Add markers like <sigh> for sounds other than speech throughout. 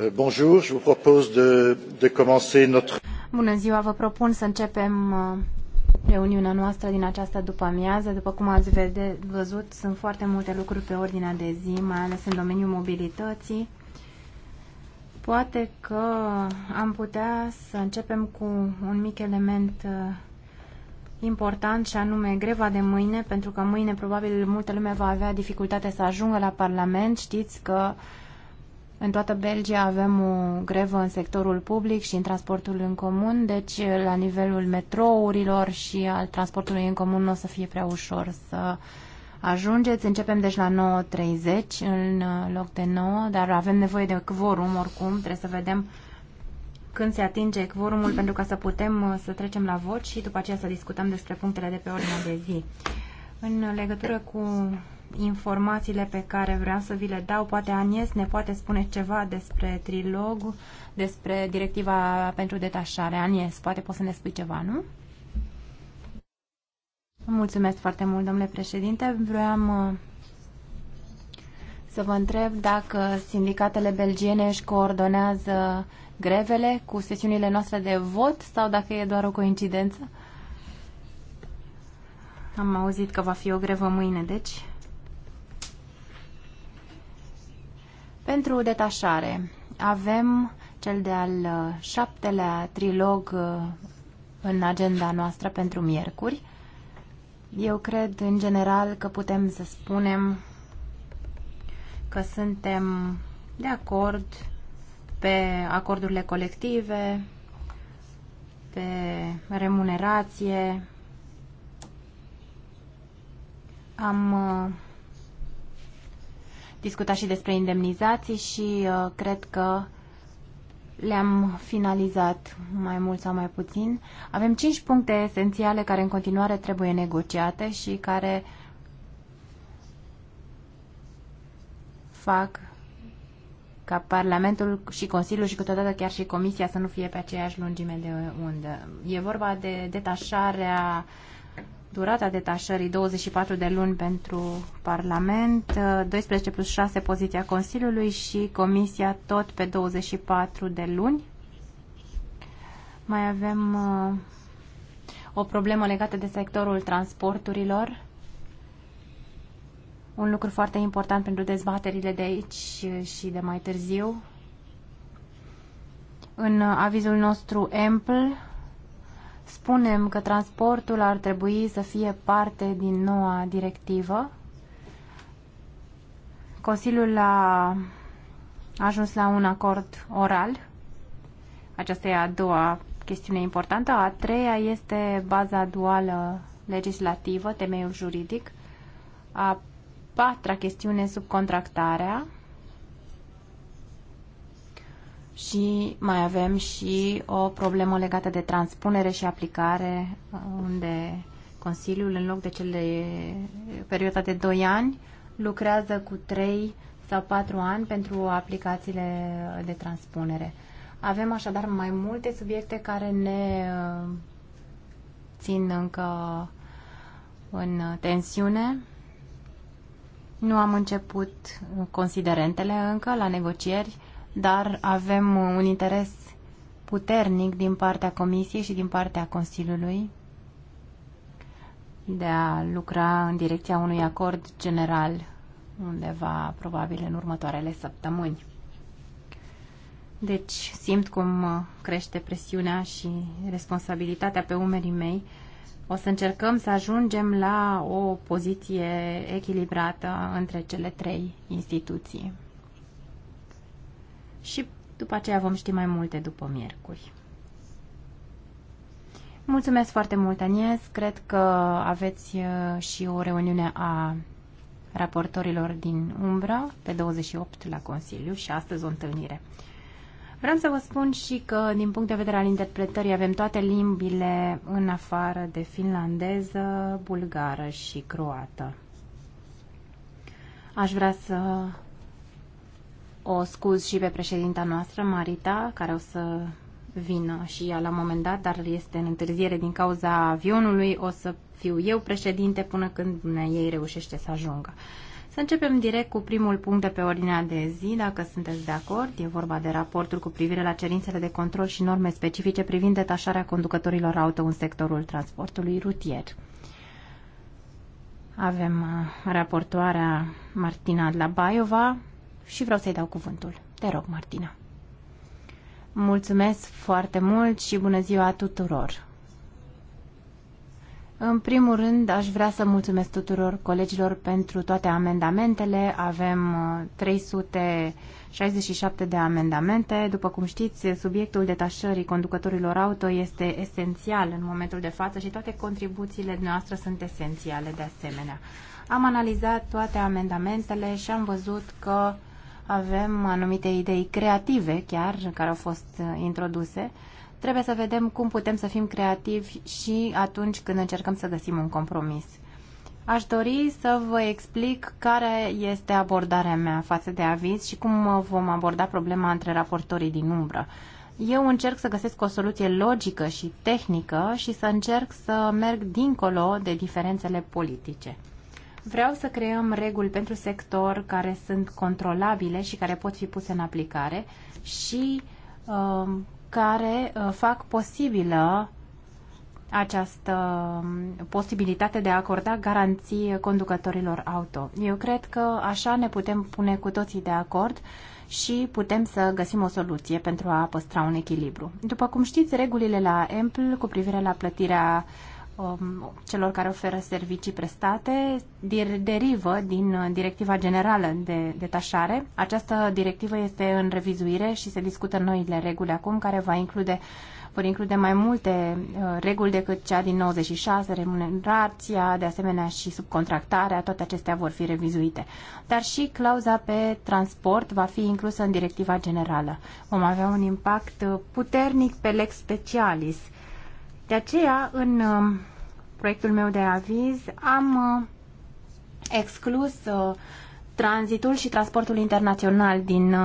Euh, bonjour, je vous propose de, de commencer notre... Bună ziua, vă propun să începem uh, reuniunea noastră din această după-amiază. După cum ați vede, văzut, sunt foarte multe lucruri pe ordinea de zi, mai ales în domeniul mobilității. Poate că am putea să începem cu un mic element uh, important și anume greva de mâine, pentru că mâine probabil multă lume va avea dificultate să ajungă la Parlament. Știți că în toată Belgia avem o grevă în sectorul public și în transportul în comun, deci la nivelul metrourilor și al transportului în comun nu o să fie prea ușor să ajungeți. Începem deci la 9.30 în uh, loc de 9, dar avem nevoie de quorum oricum, trebuie să vedem când se atinge quorumul pentru ca să putem uh, să trecem la vot și după aceea să discutăm despre punctele de pe ordinea de zi. În legătură cu informațiile pe care vreau să vi le dau. Poate Anies ne poate spune ceva despre trilog, despre directiva pentru detașare. Anies, poate poți să ne spui ceva, nu? Mulțumesc foarte mult, domnule președinte. Vreau uh, să vă întreb dacă sindicatele belgiene își coordonează grevele cu sesiunile noastre de vot sau dacă e doar o coincidență. Am auzit că va fi o grevă mâine, deci Pentru detașare avem cel de-al uh, șaptelea trilog uh, în agenda noastră pentru miercuri. Eu cred, în general, că putem să spunem că suntem de acord pe acordurile colective, pe remunerație. Am uh, discutat și despre indemnizații și uh, cred că le-am finalizat mai mult sau mai puțin. Avem cinci puncte esențiale care în continuare trebuie negociate și care fac ca Parlamentul și Consiliul și câteodată chiar și Comisia să nu fie pe aceeași lungime de undă. E vorba de detașarea uh, durata detașării 24 de luni pentru Parlament, 12 plus 6 poziția Consiliului și Comisia tot pe 24 de luni. Mai avem uh, o problemă legată de sectorul transporturilor. Un lucru foarte important pentru dezbaterile de aici și de mai târziu. În avizul nostru ample spunem că transportul ar trebui să fie parte din noua directivă. Consiliul a ajuns la un acord oral. Aceasta e a doua chestiune importantă. A treia este baza duală legislativă, temeiul juridic. A patra chestiune, subcontractarea și mai avem și o problemă legată de transpunere și aplicare, uh, unde Consiliul, în loc de cele perioada de 2 ani, lucrează cu 3 sau 4 ani pentru aplicațiile de transpunere. Avem așadar mai multe subiecte care ne uh, țin încă în tensiune. Nu am început considerentele încă la negocieri dar avem un interes puternic din partea Comisiei și din partea Consiliului de a lucra în direcția unui acord general undeva probabil în următoarele săptămâni. Deci simt cum crește presiunea și responsabilitatea pe umerii mei. O să încercăm să ajungem la o poziție echilibrată între cele trei instituții și după aceea vom ști mai multe după miercuri. Mulțumesc foarte mult, Anies. Cred că aveți uh, și o reuniune a raportorilor din Umbra pe 28 la Consiliu și astăzi o întâlnire. Vreau să vă spun și că, din punct de vedere al interpretării, avem toate limbile în afară de finlandeză, bulgară și croată. Aș vrea să o scuz și pe președinta noastră, Marita, care o să vină și ea la un moment dat, dar este în întârziere din cauza avionului. O să fiu eu președinte până când ei reușește să ajungă. Să începem direct cu primul punct de pe ordinea de zi, dacă sunteți de acord. E vorba de raportul cu privire la cerințele de control și norme specifice privind detașarea conducătorilor auto în sectorul transportului rutier. Avem uh, raportoarea Martina Dlabaiova, și vreau să-i dau cuvântul. Te rog, Martina. Mulțumesc foarte mult și bună ziua tuturor! În primul rând, aș vrea să mulțumesc tuturor colegilor pentru toate amendamentele. Avem 367 uh, de amendamente. După cum știți, subiectul detașării conducătorilor auto este esențial în momentul de față și toate contribuțiile noastre sunt esențiale de asemenea. Am analizat toate amendamentele și am văzut că avem anumite idei creative chiar, care au fost uh, introduse. Trebuie să vedem cum putem să fim creativi și atunci când încercăm să găsim un compromis. Aș dori să vă explic care este abordarea mea față de aviz și cum uh, vom aborda problema între raportorii din umbră. Eu încerc să găsesc o soluție logică și tehnică și să încerc să merg dincolo de diferențele politice. Vreau să creăm reguli pentru sector care sunt controlabile și care pot fi puse în aplicare și um, uh, care fac posibilă această um, posibilitate de a acorda garanții conducătorilor auto. Eu cred că așa ne putem pune cu toții de acord și putem să găsim o soluție pentru a păstra un echilibru. După cum știți, regulile la EMPL cu privire la plătirea uh, Um, celor care oferă servicii prestate derivă din uh, Directiva Generală de Detașare. Această directivă este în revizuire și se discută noile reguli acum, care va include, vor include mai multe uh, reguli decât cea din 96, remunerația, de asemenea și subcontractarea, toate acestea vor fi revizuite. Dar și clauza pe transport va fi inclusă în Directiva Generală. Vom avea un impact puternic pe lex specialis, de aceea, în uh, proiectul meu de aviz, am uh, exclus uh, tranzitul și transportul internațional din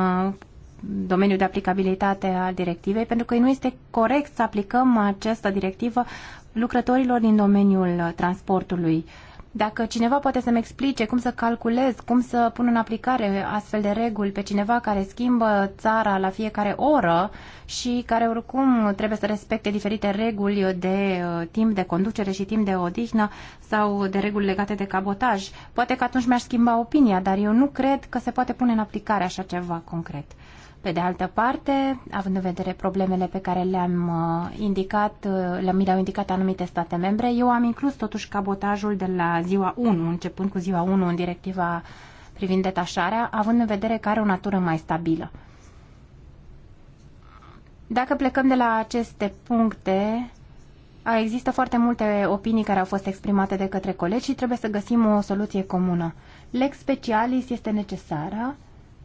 domeniul de aplicabilitate al directivei, pentru că nu este corect să aplicăm această directivă lucrătorilor din domeniul transportului uh, dacă cineva poate să-mi explice cum să calculez, cum să pun în aplicare astfel de reguli pe cineva care schimbă țara la fiecare oră și care oricum trebuie să respecte diferite reguli de uh, timp de conducere și timp de odihnă sau de reguli legate de cabotaj, poate că atunci mi-aș schimba opinia, dar eu nu cred că se poate pune în aplicare așa ceva concret. Pe de altă parte, având în vedere problemele pe care le-am uh, indicat, uh, le-am le indicat anumite state membre, eu am inclus totuși cabotajul de la ziua 1, începând cu ziua 1 în directiva privind detașarea, având în vedere că are o natură mai stabilă. Dacă plecăm de la aceste puncte, există foarte multe opinii care au fost exprimate de către colegi și trebuie să găsim o soluție comună. Lex specialis este necesară,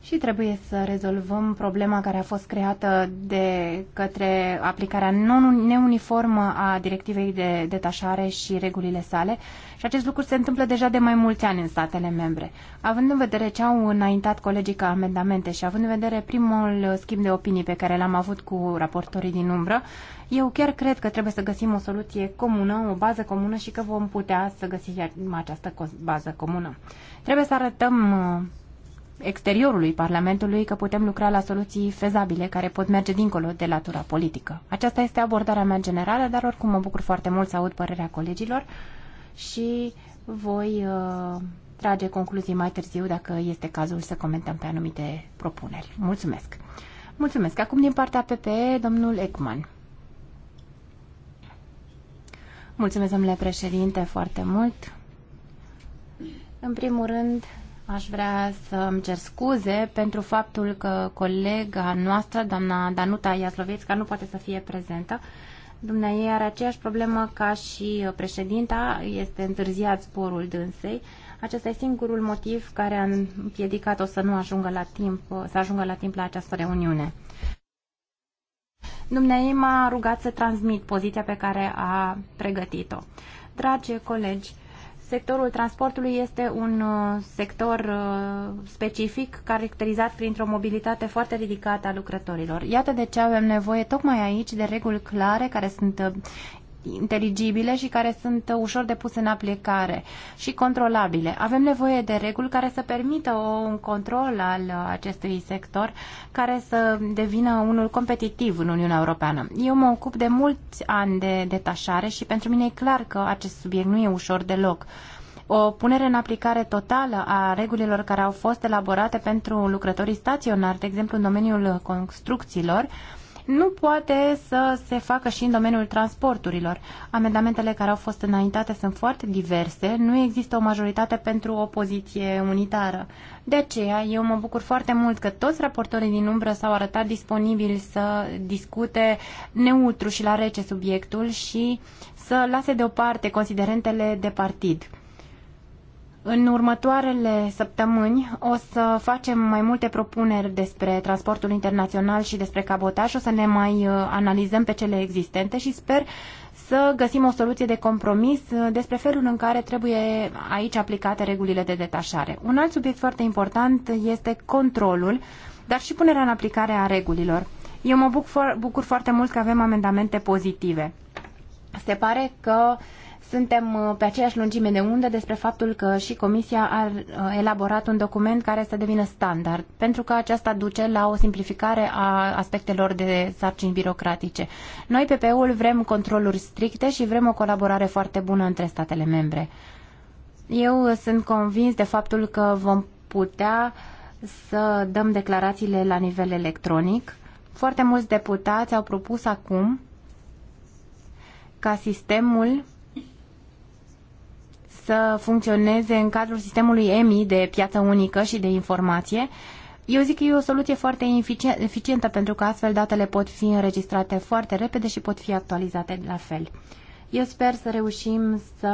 și trebuie să rezolvăm problema care a fost creată de către aplicarea non neuniformă a directivei de detașare și regulile sale și acest lucru se întâmplă deja de mai mulți ani în statele membre. Având în vedere ce au înaintat colegii ca amendamente și având în vedere primul schimb de opinii pe care l-am avut cu raportorii din umbră, eu chiar cred că trebuie să găsim o soluție comună, o bază comună și că vom putea să găsim această bază comună. Trebuie să arătăm exteriorului Parlamentului că putem lucra la soluții fezabile care pot merge dincolo de latura politică. Aceasta este abordarea mea generală, dar oricum mă bucur foarte mult să aud părerea colegilor și voi uh, trage concluzii mai târziu dacă este cazul să comentăm pe anumite propuneri. Mulțumesc! Mulțumesc! Acum din partea PPE, domnul Ekman. Mulțumesc, domnule președinte, foarte mult. În primul rând, Aș vrea să îmi cer scuze pentru faptul că colega noastră, doamna Danuta Iaslovețca, nu poate să fie prezentă. ei are aceeași problemă ca și președinta, este întârziat sporul dânsei. Acesta e singurul motiv care a împiedicat-o să nu ajungă la timp, să ajungă la timp la această reuniune. ei m-a rugat să transmit poziția pe care a pregătit-o. Dragi colegi, Sectorul transportului este un uh, sector uh, specific caracterizat printr-o mobilitate foarte ridicată a lucrătorilor. Iată de ce avem nevoie tocmai aici de reguli clare care sunt uh, inteligibile și care sunt ușor de pus în aplicare și controlabile. Avem nevoie de reguli care să permită un control al acestui sector care să devină unul competitiv în Uniunea Europeană. Eu mă ocup de mulți ani de detașare și pentru mine e clar că acest subiect nu e ușor deloc o punere în aplicare totală a regulilor care au fost elaborate pentru lucrătorii staționari, de exemplu în domeniul construcțiilor, nu poate să se facă și în domeniul transporturilor. Amendamentele care au fost înaintate sunt foarte diverse, nu există o majoritate pentru o poziție unitară. De aceea, eu mă bucur foarte mult că toți raportorii din umbră s-au arătat disponibili să discute neutru și la rece subiectul și să lase deoparte considerentele de partid. În următoarele săptămâni o să facem mai multe propuneri despre transportul internațional și despre cabotaj, o să ne mai uh, analizăm pe cele existente și sper să găsim o soluție de compromis uh, despre felul în care trebuie aici aplicate regulile de detașare. Un alt subiect foarte important este controlul, dar și punerea în aplicare a regulilor. Eu mă bucur, foarte mult că avem amendamente pozitive. Se pare că suntem uh, pe aceeași lungime de undă despre faptul că și Comisia a uh, elaborat un document care să devină standard, pentru că aceasta duce la o simplificare a aspectelor de sarcini birocratice. Noi, PPE-ul, vrem controluri stricte și vrem o colaborare foarte bună între statele membre. Eu uh, sunt convins de faptul că vom putea să dăm declarațiile la nivel electronic. Foarte mulți deputați au propus acum ca sistemul să funcționeze în cadrul sistemului EMI de piață unică și de informație. Eu zic că e o soluție foarte eficientă pentru că astfel datele pot fi înregistrate foarte repede și pot fi actualizate la fel. Eu sper să reușim să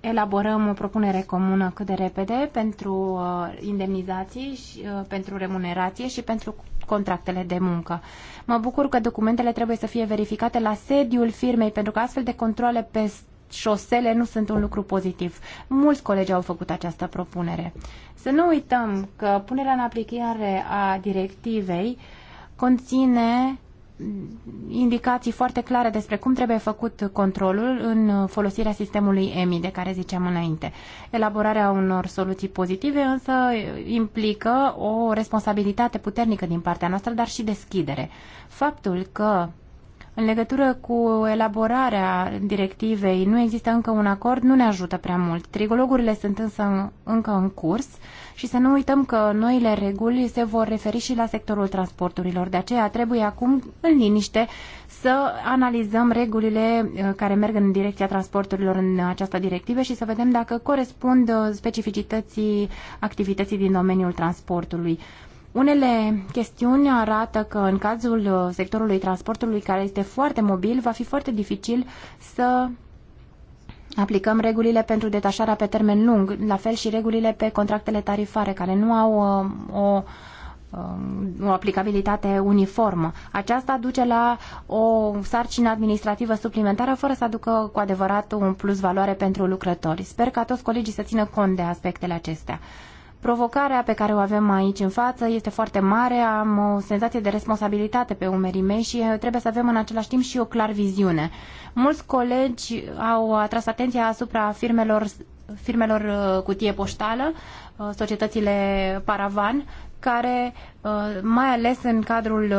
elaborăm o propunere comună cât de repede pentru uh, indemnizații, și, uh, pentru remunerație și pentru contractele de muncă. Mă bucur că documentele trebuie să fie verificate la sediul firmei, pentru că astfel de controle pe șosele nu sunt un lucru pozitiv. Mulți colegi au făcut această propunere. Să nu uităm că punerea în aplicare a directivei conține indicații foarte clare despre cum trebuie făcut controlul în folosirea sistemului EMI de care ziceam înainte. Elaborarea unor soluții pozitive însă implică o responsabilitate puternică din partea noastră, dar și deschidere. Faptul că în legătură cu elaborarea directivei, nu există încă un acord, nu ne ajută prea mult. Trigologurile sunt însă încă în curs și să nu uităm că noile reguli se vor referi și la sectorul transporturilor. De aceea trebuie acum, în liniște, să analizăm regulile uh, care merg în direcția transporturilor în această directivă și să vedem dacă corespund uh, specificității activității din domeniul transportului. Unele chestiuni arată că în cazul uh, sectorului transportului, care este foarte mobil, va fi foarte dificil să aplicăm regulile pentru detașarea pe termen lung, la fel și regulile pe contractele tarifare, care nu au uh, o um, o aplicabilitate uniformă. Aceasta duce la o sarcină administrativă suplimentară fără să aducă cu adevărat un plus valoare pentru lucrători. Sper ca toți colegii să țină cont de aspectele acestea. Provocarea pe care o avem aici în față este foarte mare, am o senzație de responsabilitate pe umerii mei și uh, trebuie să avem în același timp și o clar viziune. Mulți colegi au atras atenția asupra firmelor, firmelor uh, cutie poștală, uh, societățile paravan, care, mai ales în cadrul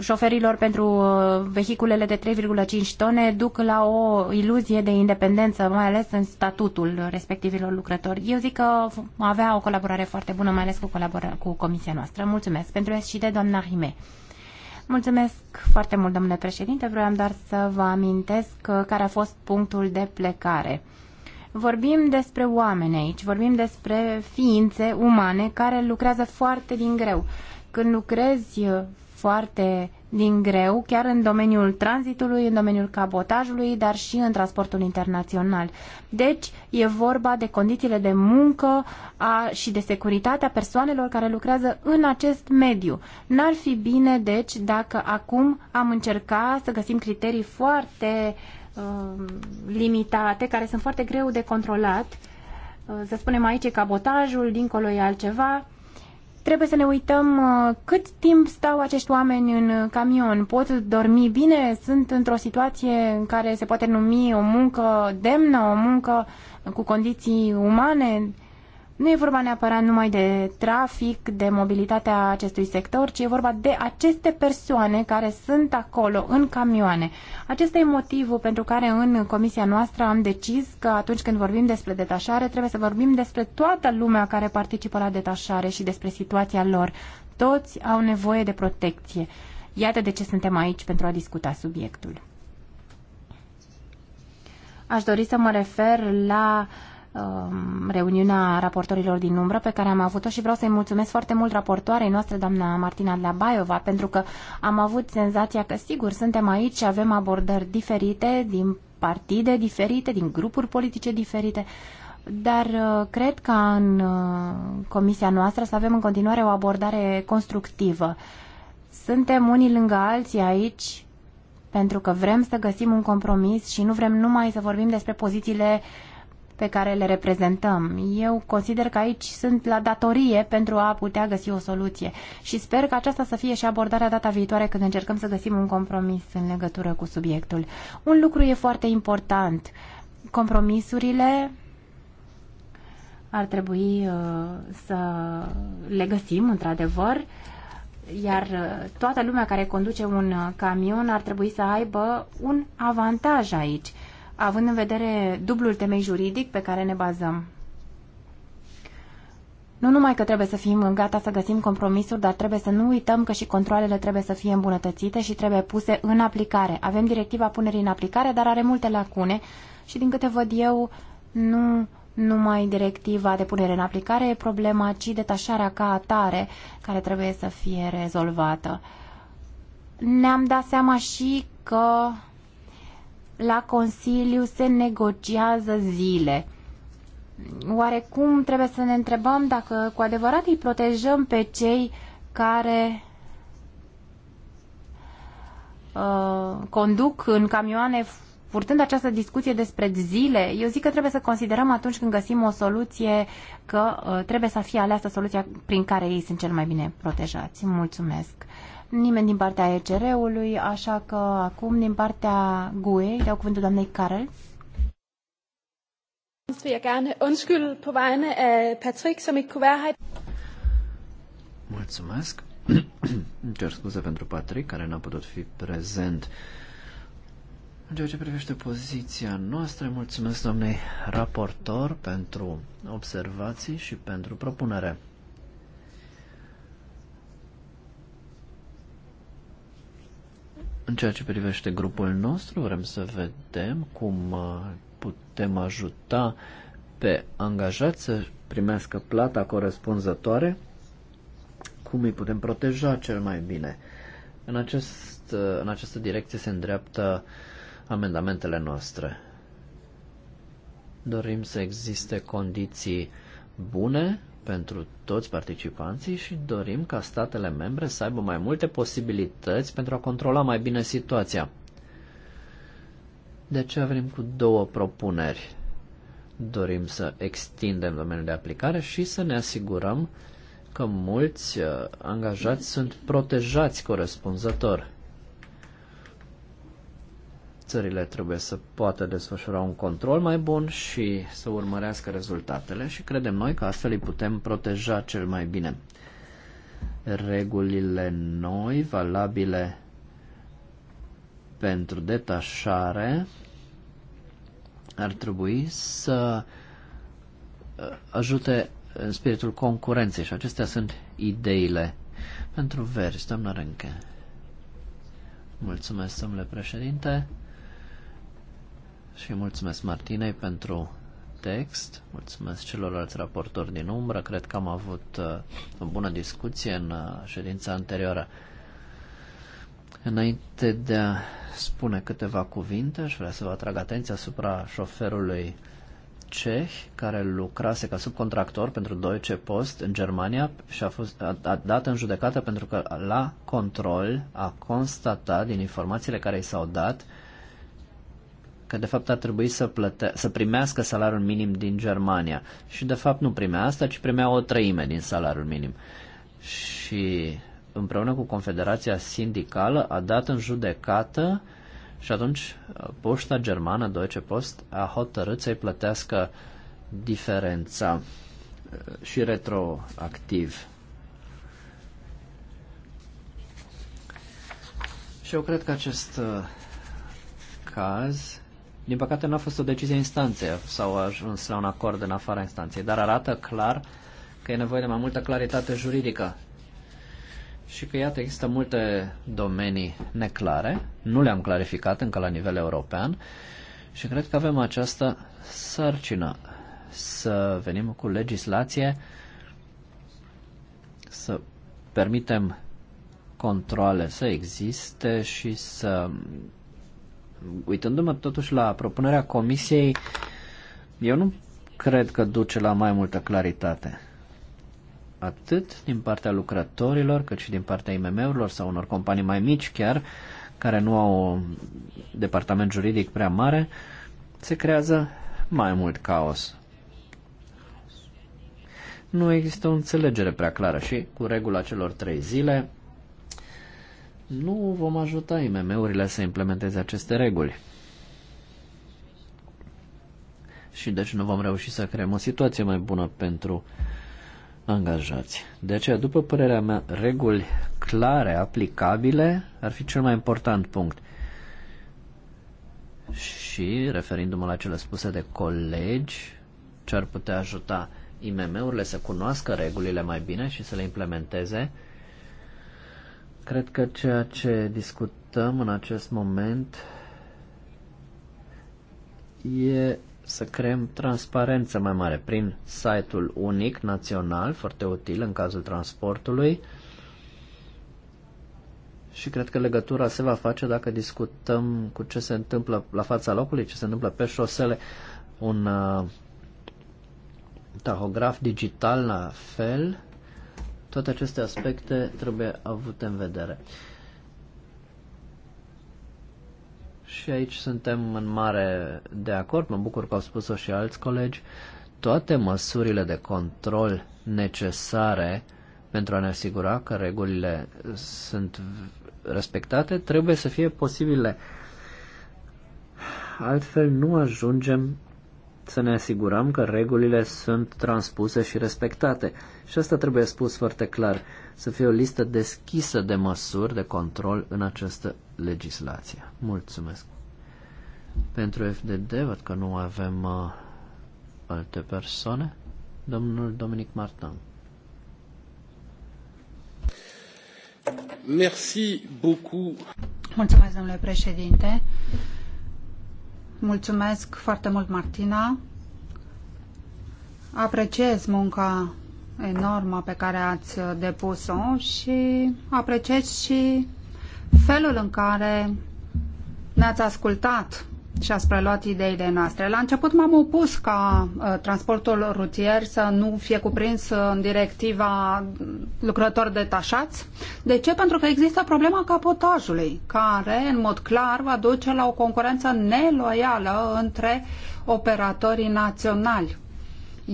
șoferilor pentru uh, vehiculele de 3,5 tone duc la o iluzie de independență, mai ales în statutul respectivilor lucrători. Eu zic că avea o colaborare foarte bună, mai ales cu, colabora- cu comisia noastră. Mulțumesc pentru și de doamna Hime. Mulțumesc foarte mult, domnule președinte. Vreau doar să vă amintesc uh, care a fost punctul de plecare. Vorbim despre oameni aici, vorbim despre ființe umane care lucrează foarte din greu. Când lucrezi uh, foarte din greu, chiar în domeniul tranzitului, în domeniul cabotajului, dar și în transportul internațional. Deci, e vorba de condițiile de muncă a, și de securitatea persoanelor care lucrează în acest mediu. N-ar fi bine, deci, dacă acum am încercat să găsim criterii foarte uh, limitate, care sunt foarte greu de controlat, uh, să spunem aici e cabotajul, dincolo e altceva, Trebuie să ne uităm uh, cât timp stau acești oameni în uh, camion. Pot dormi bine? Sunt într-o situație în care se poate numi o muncă demnă, o muncă cu condiții umane? Nu e vorba neapărat numai de trafic, de mobilitatea acestui sector, ci e vorba de aceste persoane care sunt acolo, în camioane. Acesta e motivul pentru care în comisia noastră am decis că atunci când vorbim despre detașare, trebuie să vorbim despre toată lumea care participă la detașare și despre situația lor. Toți au nevoie de protecție. Iată de ce suntem aici pentru a discuta subiectul. Aș dori să mă refer la uh, Um, reuniunea raportorilor din umbră pe care am avut-o și vreau să-i mulțumesc foarte mult raportoarei noastre, doamna Martina Dlabaiova, pentru că am avut senzația că, sigur, suntem aici și avem abordări diferite, din partide diferite, din grupuri politice diferite, dar uh, cred că în uh, comisia noastră să avem în continuare o abordare constructivă. Suntem unii lângă alții aici pentru că vrem să găsim un compromis și nu vrem numai să vorbim despre pozițiile uh, pe care le reprezentăm. Eu consider că aici sunt la datorie pentru a putea găsi o soluție și sper că aceasta să fie și abordarea data viitoare când încercăm să găsim un compromis în legătură cu subiectul. Un lucru e foarte important. Compromisurile ar trebui uh, să le găsim, într-adevăr, iar uh, toată lumea care conduce un uh, camion ar trebui să aibă un avantaj aici având în vedere dublul temei juridic pe care ne bazăm. Nu numai că trebuie să fim gata să găsim compromisuri, dar trebuie să nu uităm că și controlele trebuie să fie îmbunătățite și trebuie puse în aplicare. Avem directiva punerii în aplicare, dar are multe lacune și din câte văd eu, nu numai directiva de punere în aplicare e problema, ci detașarea ca atare care trebuie să fie rezolvată. Ne-am dat seama și că la Consiliu se negociază zile. Oarecum trebuie să ne întrebăm dacă cu adevărat îi protejăm pe cei care uh, conduc în camioane purtând această discuție despre zile, eu zic că trebuie să considerăm atunci când găsim o soluție că uh, trebuie să fie aleasă soluția prin care ei sunt cel mai bine protejați. Mulțumesc! nimeni din partea ECR-ului, așa că acum din partea GUE, dau cuvântul doamnei Carel. Mulțumesc. <clears throat> Îmi cer scuze pentru Patrick, care n-a putut fi prezent. În ceea ce privește poziția noastră, mulțumesc doamnei raportor pentru observații și pentru propunere. În ceea ce privește grupul nostru, vrem să vedem cum uh, putem ajuta pe angajați să primească plata corespunzătoare, cum îi putem proteja cel mai bine. În, acest, uh, în această direcție se îndreaptă amendamentele noastre. Dorim să existe condiții bune pentru toți participanții și dorim ca statele membre să aibă mai multe posibilități pentru a controla mai bine situația. De aceea venim cu două propuneri. Dorim să extindem domeniul de aplicare și să ne asigurăm că mulți uh, angajați sunt protejați corespunzător. Țările trebuie să poată desfășura un control mai bun și să urmărească rezultatele și credem noi că astfel îi putem proteja cel mai bine. Regulile noi, valabile pentru detașare, ar trebui să uh, ajute în spiritul concurenței și acestea sunt ideile pentru verzi, doamna Renche. Mulțumesc, domnule președinte și mulțumesc Martinei pentru text, mulțumesc celorlalți raportori din umbră, cred că am avut uh, o bună discuție în uh, ședința anterioară. Înainte de a spune câteva cuvinte, aș vrea să vă atrag atenția asupra șoferului ceh care lucrase ca subcontractor pentru Deutsche Post în Germania și a fost a, a dat în judecată pentru că la control a constatat din informațiile care i s-au dat că de fapt ar trebui să, plăte- să primească salariul minim din Germania. Și de fapt nu primea asta, ci primea o treime din salariul minim. Și împreună cu Confederația Sindicală a dat în judecată și atunci uh, poșta germană Deutsche Post a hotărât să-i plătească diferența uh, și retroactiv. Și eu cred că acest uh, caz din păcate nu a fost o decizie instanțe sau a ajuns la un acord în afara instanței, dar arată clar că e nevoie de mai multă claritate juridică și că, iată, există multe domenii neclare, nu le-am clarificat încă la nivel european și cred că avem această sarcină să venim cu legislație, să permitem controle să existe și să uitându-mă totuși la propunerea comisiei, eu nu cred că duce la mai multă claritate. Atât din partea lucrătorilor, cât și din partea IMM-urilor sau unor companii mai mici chiar, care nu au un departament juridic prea mare, se creează mai mult caos. Nu există o înțelegere prea clară și, cu regula celor trei zile, nu vom ajuta IMM-urile să implementeze aceste reguli. Și deci nu vom reuși să creăm o situație mai bună pentru angajați. De aceea, după părerea mea, reguli clare, aplicabile, ar fi cel mai important punct. Și, referindu-mă la cele spuse de colegi, ce ar putea ajuta IMM-urile să cunoască regulile mai bine și să le implementeze, Cred că ceea ce discutăm în acest moment e să creăm transparență mai mare prin site-ul unic național, foarte util în cazul transportului. Și cred că legătura se va face dacă discutăm cu ce se întâmplă la fața locului, ce se întâmplă pe șosele, un uh, tahograf digital la fel. Toate aceste aspecte trebuie avute în vedere. Și aici suntem în mare de acord, mă bucur că au spus-o și alți colegi, toate măsurile de control necesare pentru a ne asigura că regulile sunt respectate trebuie să fie posibile. Altfel nu ajungem să ne asigurăm că regulile sunt transpuse și respectate. Și asta trebuie spus foarte clar, să fie o listă deschisă de măsuri de control în această legislație. Mulțumesc. Pentru FDD, văd că nu avem uh, alte persoane. Domnul Dominic Martin. Merci beaucoup. Mulțumesc, domnule președinte. Mulțumesc foarte mult, Martina. Apreciez munca enormă pe care ați depus-o și apreciez și felul în care ne-ați ascultat și ați preluat ideile noastre. La început m-am opus ca uh, transportul rutier să nu fie cuprins în directiva lucrători detașați. De ce? Pentru că există problema capotajului, care în mod clar va duce la o concurență neloială între operatorii naționali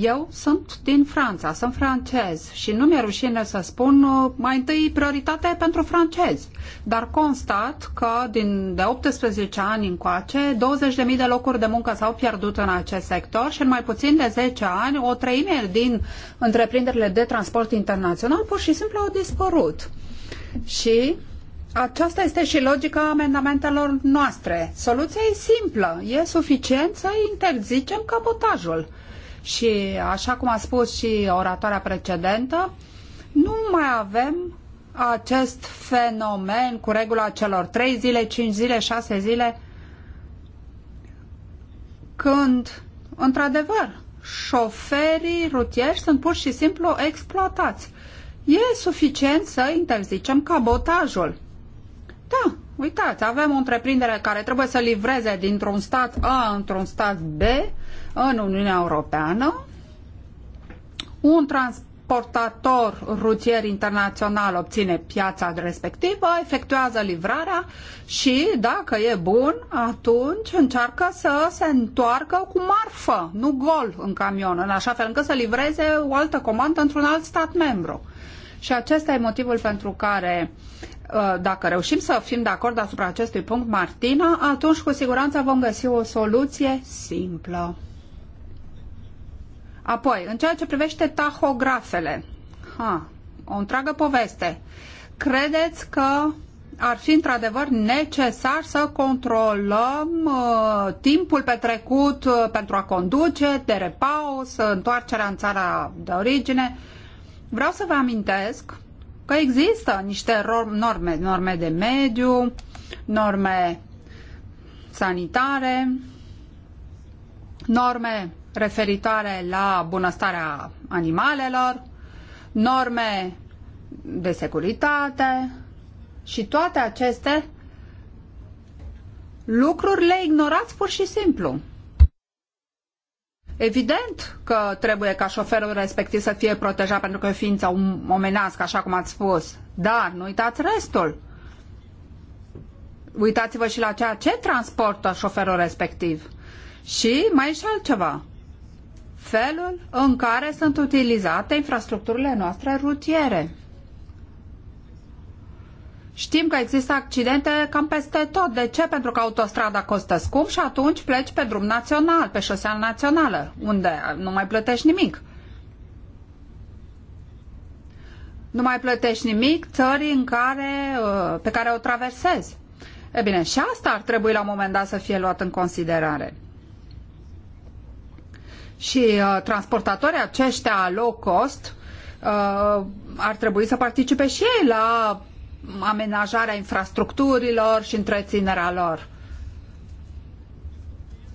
eu sunt din Franța, sunt francez și nu mi-e rușine să spun uh, mai întâi prioritate pentru francezi. Dar constat că din de 18 ani încoace, 20.000 de locuri de muncă s-au pierdut în acest sector și în mai puțin de 10 ani, o treime din întreprinderile de transport internațional pur și simplu au dispărut. Și aceasta este și logica amendamentelor noastre. Soluția e simplă. E suficient să interzicem cabotajul. Și așa cum a spus și oratoarea precedentă, nu mai avem acest fenomen cu regula celor 3 zile, 5 zile, 6 zile, când, într-adevăr, șoferii rutieri sunt pur și simplu exploatați. E suficient să interzicem cabotajul. Da, uitați, avem o întreprindere care trebuie să livreze dintr-un stat A într-un stat B în Uniunea Europeană, un transportator rutier internațional obține piața respectivă, efectuează livrarea și, dacă e bun, atunci încearcă să se întoarcă cu marfă, nu gol în camion, în așa fel încât să livreze o altă comandă într-un alt stat membru. Și acesta e motivul pentru care Uh, dacă reușim să fim de acord asupra acestui punct, Martina, atunci cu siguranță vom găsi o soluție simplă. Apoi, în ceea ce privește tahografele, ha, o întreagă poveste, credeți că ar fi într-adevăr necesar să controlăm uh, timpul petrecut uh, pentru a conduce, de repaus, întoarcerea în țara de origine? Vreau să vă amintesc că există niște norme, norme de mediu, norme sanitare, norme referitoare la bunăstarea animalelor, norme de securitate și toate aceste lucruri le ignorați pur și simplu. Evident că trebuie ca șoferul respectiv să fie protejat pentru că e ființă omenească, așa cum ați spus. Dar nu uitați restul. Uitați-vă și la ceea ce transportă șoferul respectiv. Și mai e și altceva. Felul în care sunt utilizate infrastructurile noastre rutiere. Știm că există accidente cam peste tot. De ce? Pentru că autostrada costă scump și atunci pleci pe drum național, pe șosea națională, unde nu mai plătești nimic. Nu mai plătești nimic țării în care, uh, pe care o traversezi. E bine, și asta ar trebui la un moment dat să fie luat în considerare. Și uh, transportatorii aceștia low cost uh, ar trebui să participe și ei la amenajarea infrastructurilor și întreținerea lor.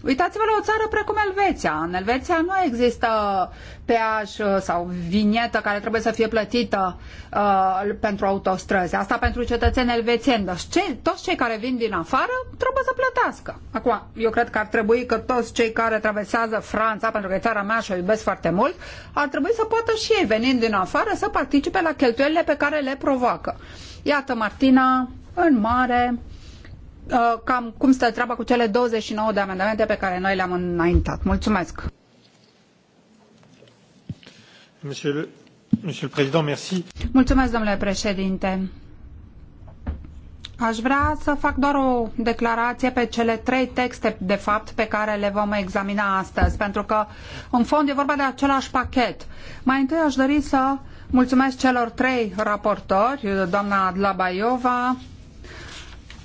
Uitați-vă la o țară precum Elveția. În Elveția nu există peaj uh, sau vinietă care trebuie să fie plătită uh, pentru autostrăzi. Asta pentru cetățeni elvețieni. Deci ce, toți cei care vin din afară trebuie să plătească. Acum, eu cred că ar trebui că toți cei care traversează Franța, pentru că e țara mea și o iubesc foarte mult, ar trebui să poată și ei, venind din afară, să participe la cheltuielile pe care le provoacă. Iată, Martina, în mare, Uh, cam cum stă treaba cu cele 29 de amendamente pe care noi le-am înaintat. Mulțumesc! Monsieur Mulțumesc, domnule președinte. Aș vrea să fac doar o declarație pe cele trei texte, de fapt, pe care le vom examina astăzi, pentru că, în fond, e vorba de același pachet. Mai întâi aș dori să mulțumesc celor trei raportori, doamna Dlabaiova,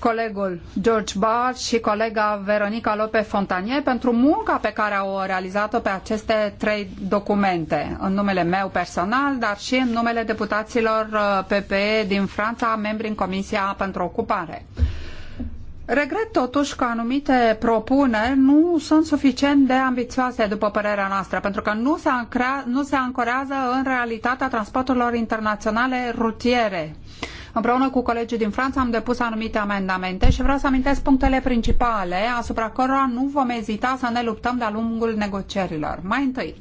colegul George Bach și colega Veronica Lope Fontanier pentru munca pe care au realizat-o pe aceste trei documente, în numele meu personal, dar și în numele deputaților uh, PPE din Franța, membri în Comisia pentru Ocupare. Regret totuși că anumite propuneri nu sunt suficient de ambițioase, după părerea noastră, pentru că nu se, ancrea, nu se ancorează în realitatea transporturilor internaționale rutiere. Uh, Împreună cu colegii din Franța am depus anumite amendamente și vreau să amintesc punctele principale asupra cărora nu vom ezita să ne luptăm de-a lungul negocierilor. Mai întâi,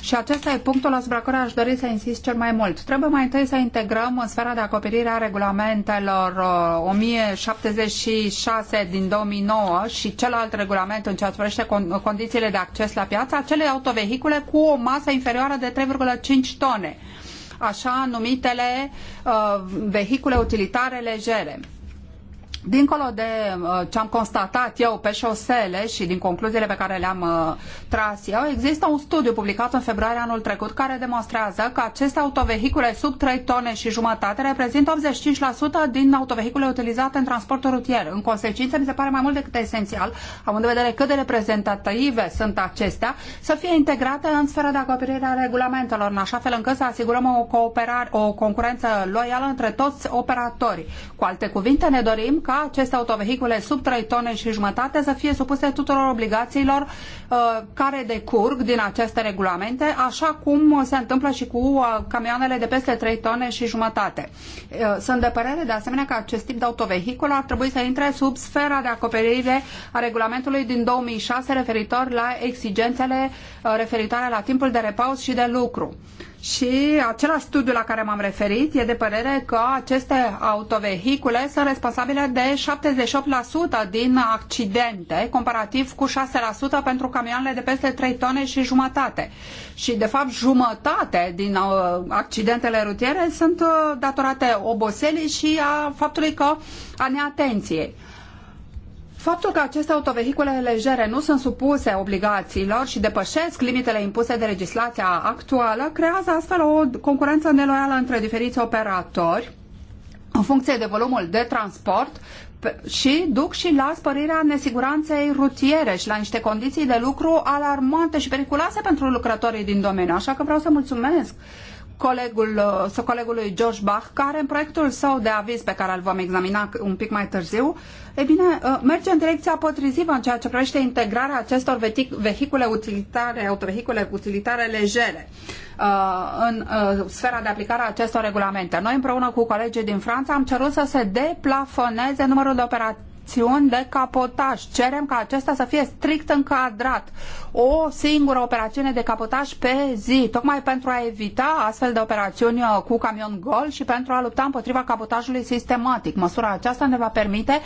și acesta e punctul asupra care aș dori să insist cel mai mult. Trebuie mai întâi să integrăm în sfera de acoperire a regulamentelor 1076 uh, din 2009 și celălalt regulament în ceea ce privește condițiile de acces la piață, acele autovehicule cu o masă inferioară de 3,5 tone așa numitele uh, vehicule utilitare legere. Dincolo de uh, ce am constatat eu pe șosele și din concluziile pe care le-am uh, tras eu, există un studiu publicat în februarie anul trecut care demonstrează că aceste autovehicule sub 3 tone și jumătate reprezintă 85% din autovehicule utilizate în transportul rutier. În consecință, mi se pare mai mult decât esențial, având în vedere cât de reprezentative sunt acestea, să fie integrate în sfera de acoperire a regulamentelor, în așa fel încât să asigurăm o cooperare, o concurență loială între toți operatorii. Cu alte cuvinte, ne dorim ca aceste autovehicule sub 3 tone și jumătate să fie supuse tuturor obligațiilor uh, care decurg din aceste regulamente, așa cum se întâmplă și cu uh, camioanele de peste 3 tone și jumătate. Uh, sunt de părere de asemenea că acest tip de autovehicul ar trebui să intre sub sfera de acoperire a regulamentului din 2006 referitor la exigențele uh, referitoare la timpul de repaus și de lucru și același studiu la care m-am referit e de părere că aceste autovehicule sunt responsabile de 78% din accidente, comparativ cu 6% pentru camioanele de peste 3 tone și jumătate. Și, de fapt, jumătate din uh, accidentele rutiere sunt uh, datorate oboselii și a faptului că a neatenției. Faptul că aceste autovehicule legere nu sunt supuse obligațiilor și depășesc limitele impuse de legislația actuală creează astfel o concurență neloială între diferiți operatori în funcție de volumul de transport și duc și la spărirea nesiguranței rutiere și la niște condiții de lucru alarmante și periculoase pentru lucrătorii din domeniu. Așa că vreau să mulțumesc colegul, uh, sau colegului George Bach, care în proiectul său de aviz pe care îl vom examina un pic mai târziu, e bine, uh, merge în direcția potrivită în ceea ce privește integrarea acestor vehicule utilitare, autovehicule utilitare legere uh, în sfera de aplicare a acestor regulamente. Noi împreună cu colegii din Franța am cerut să se deplafoneze numărul de operatori acțiuni de capotaj. Cerem ca acesta să fie strict încadrat. O singură operațiune de capotaj pe zi, tocmai pentru a evita astfel de operațiuni uh, cu camion gol și pentru a lupta împotriva capotajului sistematic. Măsura aceasta ne va permite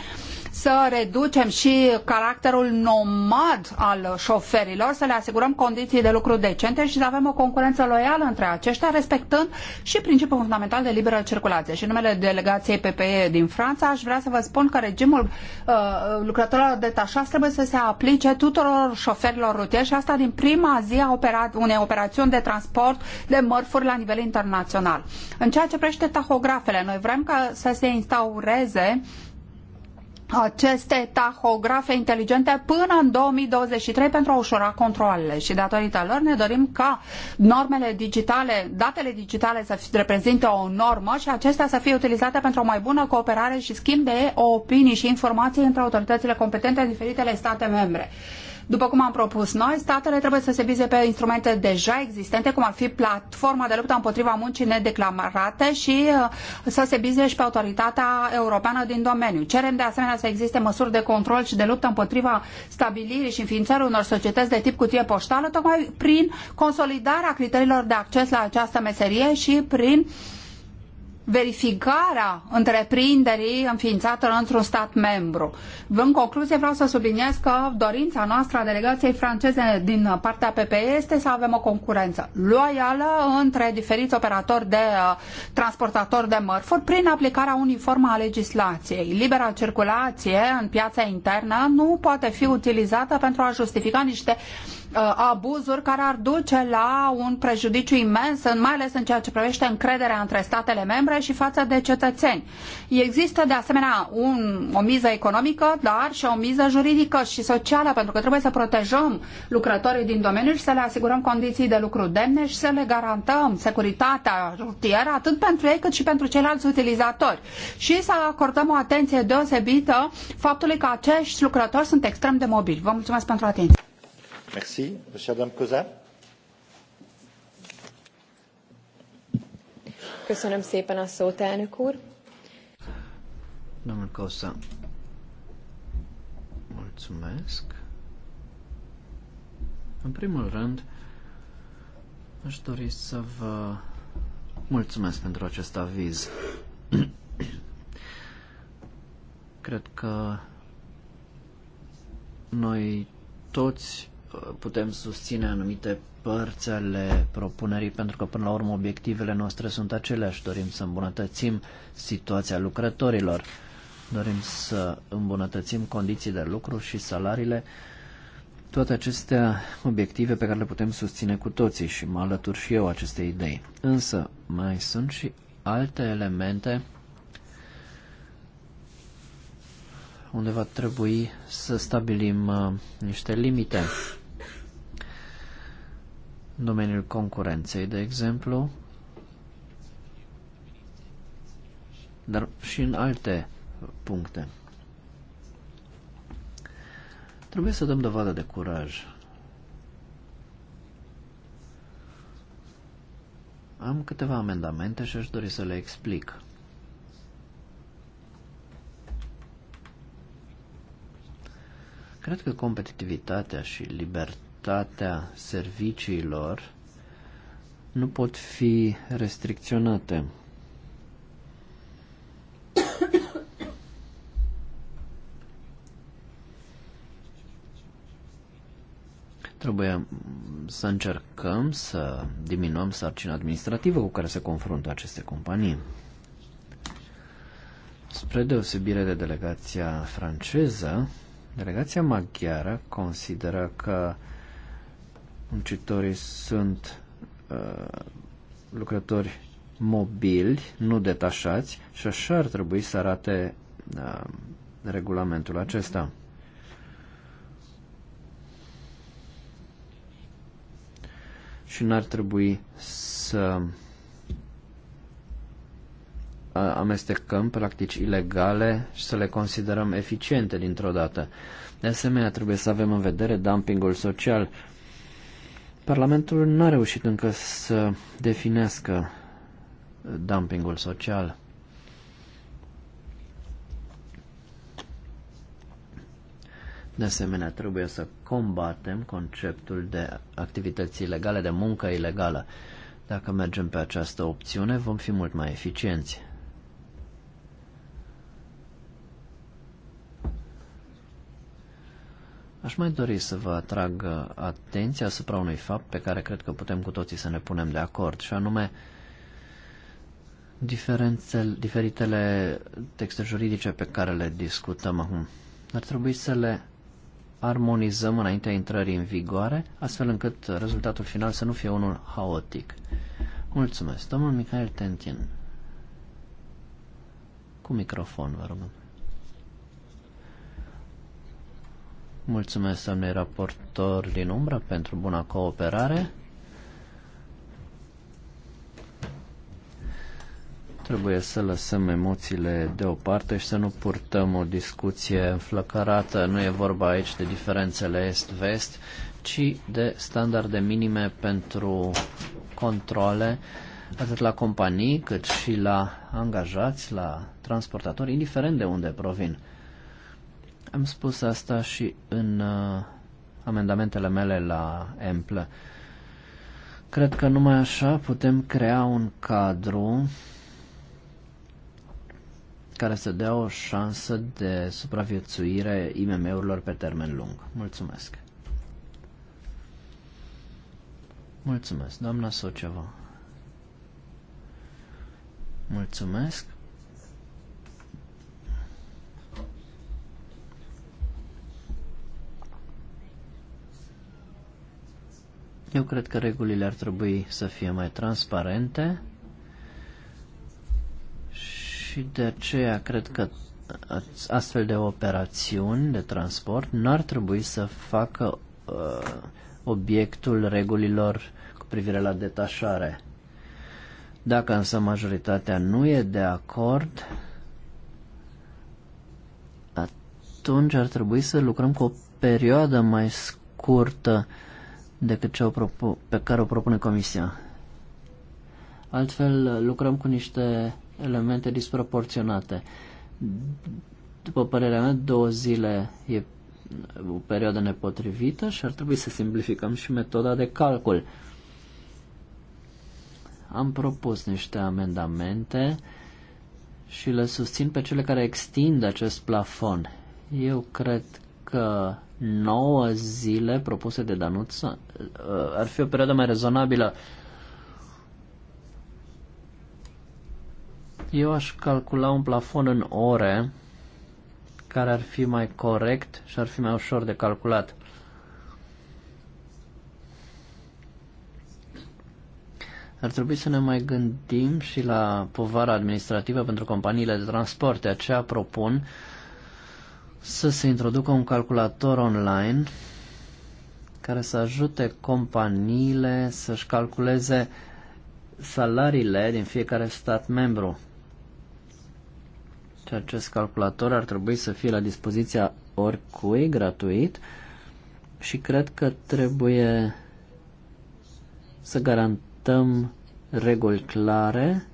să reducem și caracterul nomad al șoferilor, să le asigurăm condiții de lucru decente și să avem o concurență loială între aceștia, respectând și principiul fundamental de liberă circulație. Și în numele delegației PPE din Franța, aș vrea să vă spun că regimul Uh, lucrătorilor detașați trebuie să se aplice tuturor șoferilor rutieri și asta din prima zi a operat, unei operațiuni de transport de mărfuri la nivel internațional. În ceea ce privește tahografele, noi vrem ca să se instaureze aceste tahografe inteligente până în 2023 pentru a ușura controlele și datorită lor ne dorim ca normele digitale, datele digitale să reprezinte o normă și acestea să fie utilizate pentru o mai bună cooperare și schimb de opinii și informații între autoritățile competente în diferitele state membre. După cum am propus noi, statele trebuie să se bize pe instrumente deja existente, cum ar fi platforma de luptă împotriva muncii nedeclamarate și uh, să se bize și pe autoritatea europeană din domeniu. Cerem de asemenea să existe măsuri de control și de luptă împotriva stabilirii și înființării unor societăți de tip cutie poștală, tocmai prin consolidarea criteriilor de acces la această meserie și prin uh, verificarea întreprinderii înființată într-un stat membru. În concluzie vreau să subliniez că dorința noastră a delegației franceze din partea PPE este să avem o concurență loială între diferiți operatori de uh, transportatori de mărfuri prin aplicarea uniformă a legislației. Libera circulație în piața internă nu poate fi utilizată pentru a justifica niște uh, Uh, abuzuri care ar duce la un prejudiciu imens, mai ales în ceea ce privește încrederea între statele membre și față de cetățeni. Există de asemenea un, o miză economică, dar și o miză juridică și socială, pentru că trebuie să protejăm lucrătorii din domeniu și să le asigurăm condiții de lucru demne și să le garantăm securitatea rutieră atât pentru ei cât și pentru ceilalți utilizatori. Și să acordăm o atenție deosebită faptului că acești lucrători sunt extrem de mobili. Vă mulțumesc pentru atenție. Domnul Mulțumesc. În primul rând, aș dori să vă mulțumesc pentru acest aviz. Cred că noi toți putem susține anumite părți ale propunerii, pentru că până la urmă obiectivele noastre sunt aceleași. Dorim să îmbunătățim situația lucrătorilor, dorim să îmbunătățim condiții de lucru și salariile. Toate acestea obiective pe care le putem susține cu toții și mă alătur și eu acestei idei. Însă mai sunt și alte elemente unde va trebui să stabilim uh, niște limite în domeniul concurenței, de exemplu, dar și în alte puncte. Trebuie să dăm dovadă de curaj. Am câteva amendamente și aș dori să le explic. Cred că competitivitatea și libertatea calitatea serviciilor nu pot fi restricționate. Trebuie să încercăm să diminuăm sarcina administrativă cu care se confruntă aceste companii. Spre deosebire de delegația franceză, delegația maghiară consideră că muncitorii sunt uh, lucrători mobili, nu detașați și așa ar trebui să arate uh, regulamentul acesta. Și n-ar trebui să uh, amestecăm practici ilegale și să le considerăm eficiente dintr-o dată. De asemenea, trebuie să avem în vedere dumpingul social. Parlamentul nu a reușit încă să definească dumpingul social. De asemenea, trebuie să combatem conceptul de activități ilegale, de muncă ilegală. Dacă mergem pe această opțiune, vom fi mult mai eficienți. Aș mai dori să vă atrag uh, atenția asupra unui fapt pe care cred că putem cu toții să ne punem de acord, și anume diferitele texte juridice pe care le discutăm acum. Ar trebui să le armonizăm înaintea intrării în vigoare, astfel încât rezultatul final să nu fie unul haotic. Mulțumesc. Domnul Michael Tentin. Cu microfon, vă rugăm. Mulțumesc, domnule raportor din umbră, pentru buna cooperare. Trebuie să lăsăm emoțiile deoparte și să nu purtăm o discuție înflăcărată. Nu e vorba aici de diferențele est-vest, ci de standarde minime pentru controle atât la companii cât și la angajați, la transportatori, indiferent de unde provin. Am spus asta și în uh, amendamentele mele la Emplă. Cred că numai așa putem crea un cadru care să dea o șansă de supraviețuire IMM-urilor pe termen lung. Mulțumesc! Mulțumesc, doamna Soceva. Mulțumesc. Eu cred că regulile ar trebui să fie mai transparente și de aceea cred că astfel de operațiuni de transport nu ar trebui să facă uh, obiectul regulilor cu privire la detașare. Dacă însă majoritatea nu e de acord, atunci ar trebui să lucrăm cu o perioadă mai scurtă uh, decât ce o pe care o propune Comisia. Altfel, lucrăm cu niște elemente disproporționate. După părerea mea, două zile e o perioadă nepotrivită și ar trebui să simplificăm și metoda de calcul. Am propus niște amendamente și le susțin pe cele care extind acest plafon. Eu cred că 9 zile propuse de Danuță uh, ar fi o perioadă mai rezonabilă. Eu aș calcula un plafon în ore care ar fi mai corect și ar fi mai ușor de calculat. Ar trebui să ne mai gândim și la povara administrativă pentru companiile de transport. De aceea propun uh, să se introducă un calculator online care să ajute companiile să-și calculeze salariile din fiecare stat membru. Și deci acest calculator ar trebui să fie la dispoziția oricui, gratuit, și cred că trebuie să garantăm reguli clare,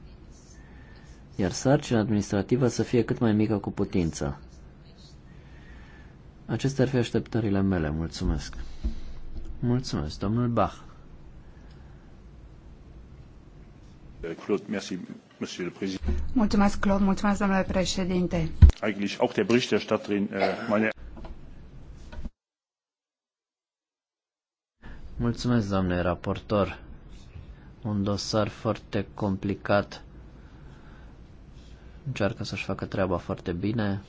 iar sarcina administrativă să fie cât mai mică cu putință. Acestea ar fi așteptările mele. Mulțumesc. Mulțumesc, domnul Bach. Mulțumesc, Claude. Mulțumesc, domnule președinte. Eigentlich auch der Berichterstatterin, äh, meine Mulțumesc, domnule raportor. Un dosar foarte complicat. Încearcă să-și facă treaba foarte bine.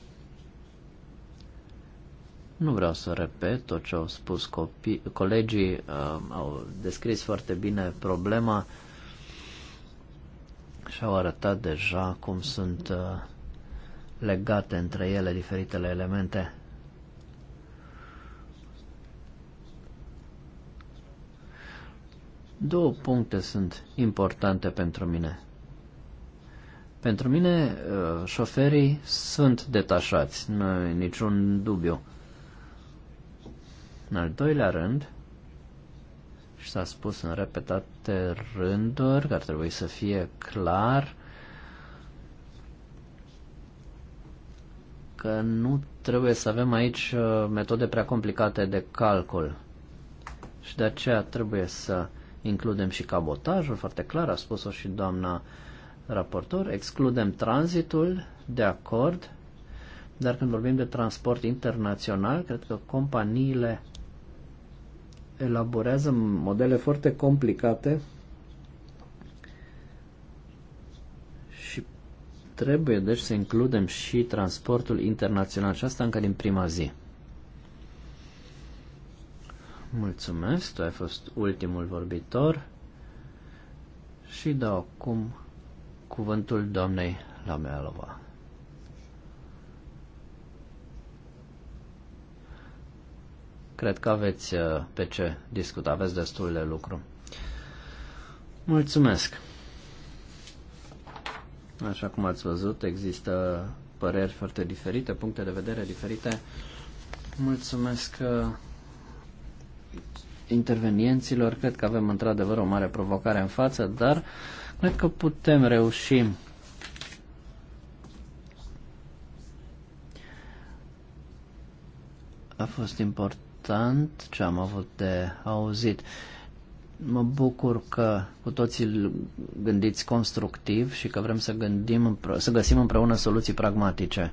Nu vreau să repet tot ce au spus copii, colegii, uh, au descris foarte bine problema și au arătat deja cum sunt uh, legate între ele diferitele elemente. Două puncte sunt importante pentru mine. Pentru mine, uh, șoferii sunt detașați, nu e niciun dubiu. În al doilea rând, și s-a spus în repetate rânduri că ar trebui să fie clar că nu trebuie să avem aici uh, metode prea complicate de calcul și de aceea trebuie să includem și cabotajul, foarte clar, a spus-o și doamna raportor, excludem tranzitul, de acord, dar când vorbim de transport internațional, cred că companiile elaborează modele foarte complicate și trebuie deci să includem și transportul internațional și asta încă din prima zi. Mulțumesc, tu ai fost ultimul vorbitor și dau acum cuvântul doamnei Lamealova. Cred că aveți uh, pe ce discuta, aveți destul de lucru. Mulțumesc! Așa cum ați văzut, există păreri foarte diferite, puncte de vedere diferite. Mulțumesc uh, intervenienților. Cred că avem într-adevăr o mare provocare în față, dar cred că putem reuși. A fost important important ce am avut de auzit. Mă bucur că cu toții gândiți constructiv și că vrem să, gândim, să găsim împreună soluții pragmatice.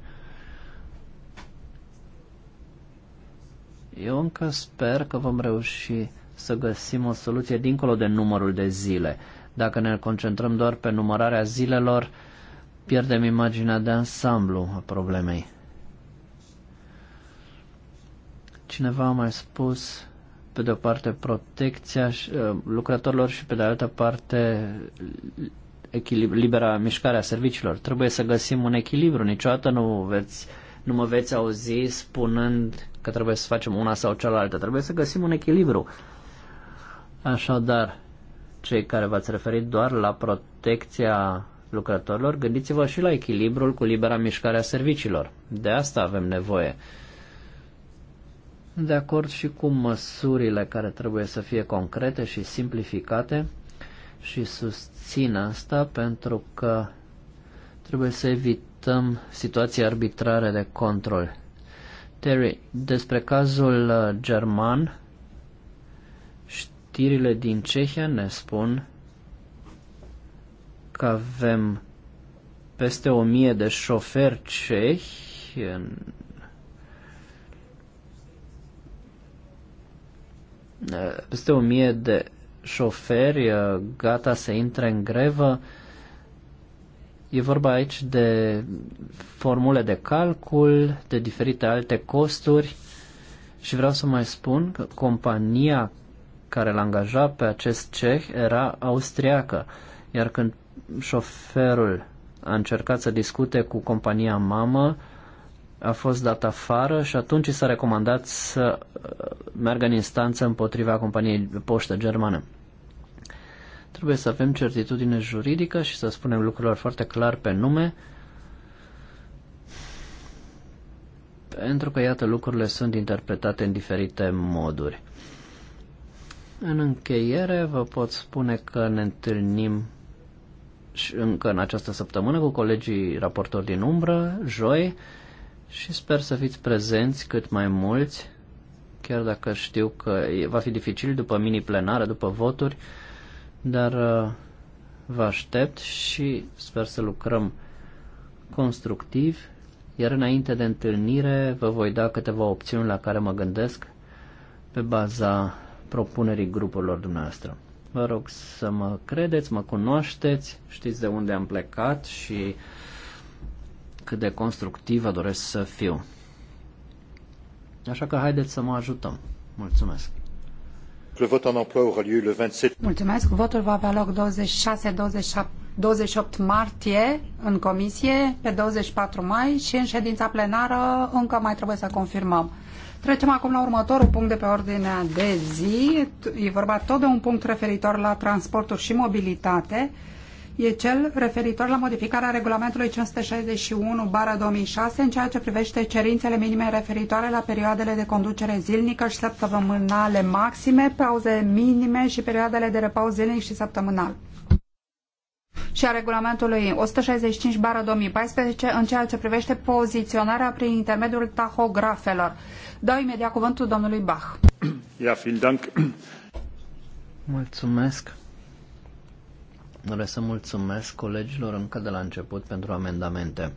Eu încă sper că vom reuși să găsim o soluție dincolo de numărul de zile. Dacă ne concentrăm doar pe numărarea zilelor, pierdem imaginea de ansamblu a problemei. Cineva a mai spus, pe de o parte, protecția uh, lucrătorilor și pe de altă parte, libera mișcare a serviciilor. Trebuie să găsim un echilibru. Niciodată nu, veți, nu mă veți auzi spunând că trebuie să facem una sau cealaltă. Trebuie să găsim un echilibru. Așadar, cei care v-ați referit doar la protecția lucrătorilor, gândiți-vă și la echilibrul cu libera mișcare a serviciilor. De asta avem nevoie de acord și cu măsurile care trebuie să fie concrete și simplificate și susțin asta pentru că trebuie să evităm situații arbitrare de control. Terry, despre cazul uh, german, știrile din Cehia ne spun că avem peste o mie de șoferi cehi în peste o mie de șoferi uh, gata să intre în grevă. E vorba aici de formule de calcul, de diferite alte costuri și vreau să mai spun că compania care l-a angajat pe acest ceh era austriacă, iar când șoferul a încercat să discute cu compania mamă, a fost dat afară și atunci s-a recomandat să uh, meargă în instanță împotriva companiei poștă germană. Trebuie să avem certitudine juridică și să spunem lucrurilor foarte clar pe nume, pentru că, iată, lucrurile sunt interpretate în diferite moduri. În încheiere, vă pot spune că ne întâlnim și încă în această săptămână cu colegii raportori din umbră, joi, și sper să fiți prezenți cât mai mulți, chiar dacă știu că va fi dificil după mini-plenară, după voturi, dar uh, vă aștept și sper să lucrăm constructiv, iar înainte de întâlnire vă voi da câteva opțiuni la care mă gândesc pe baza propunerii grupurilor dumneavoastră. Vă rog să mă credeți, mă cunoașteți, știți de unde am plecat și cât de constructivă doresc să fiu. Așa că haideți să mă ajutăm. Mulțumesc. Mulțumesc. Votul va avea loc 26, 27, 28 martie în comisie, pe 24 mai și în ședința plenară încă mai trebuie să confirmăm. Trecem acum la următorul punct de pe ordinea de zi. E vorba tot de un punct referitor la transporturi și mobilitate e cel referitor la modificarea regulamentului 561-2006 în ceea ce privește cerințele minime referitoare la perioadele de conducere zilnică și săptămânale maxime, pauze minime și perioadele de repaus zilnic și săptămânal și a regulamentului 165 bară 2014 în ceea ce privește poziționarea prin intermediul tahografelor. Dau imediat cuvântul domnului Bach. Ja, vielen Dank. Mulțumesc. Doresc să mulțumesc colegilor încă de la început pentru amendamente.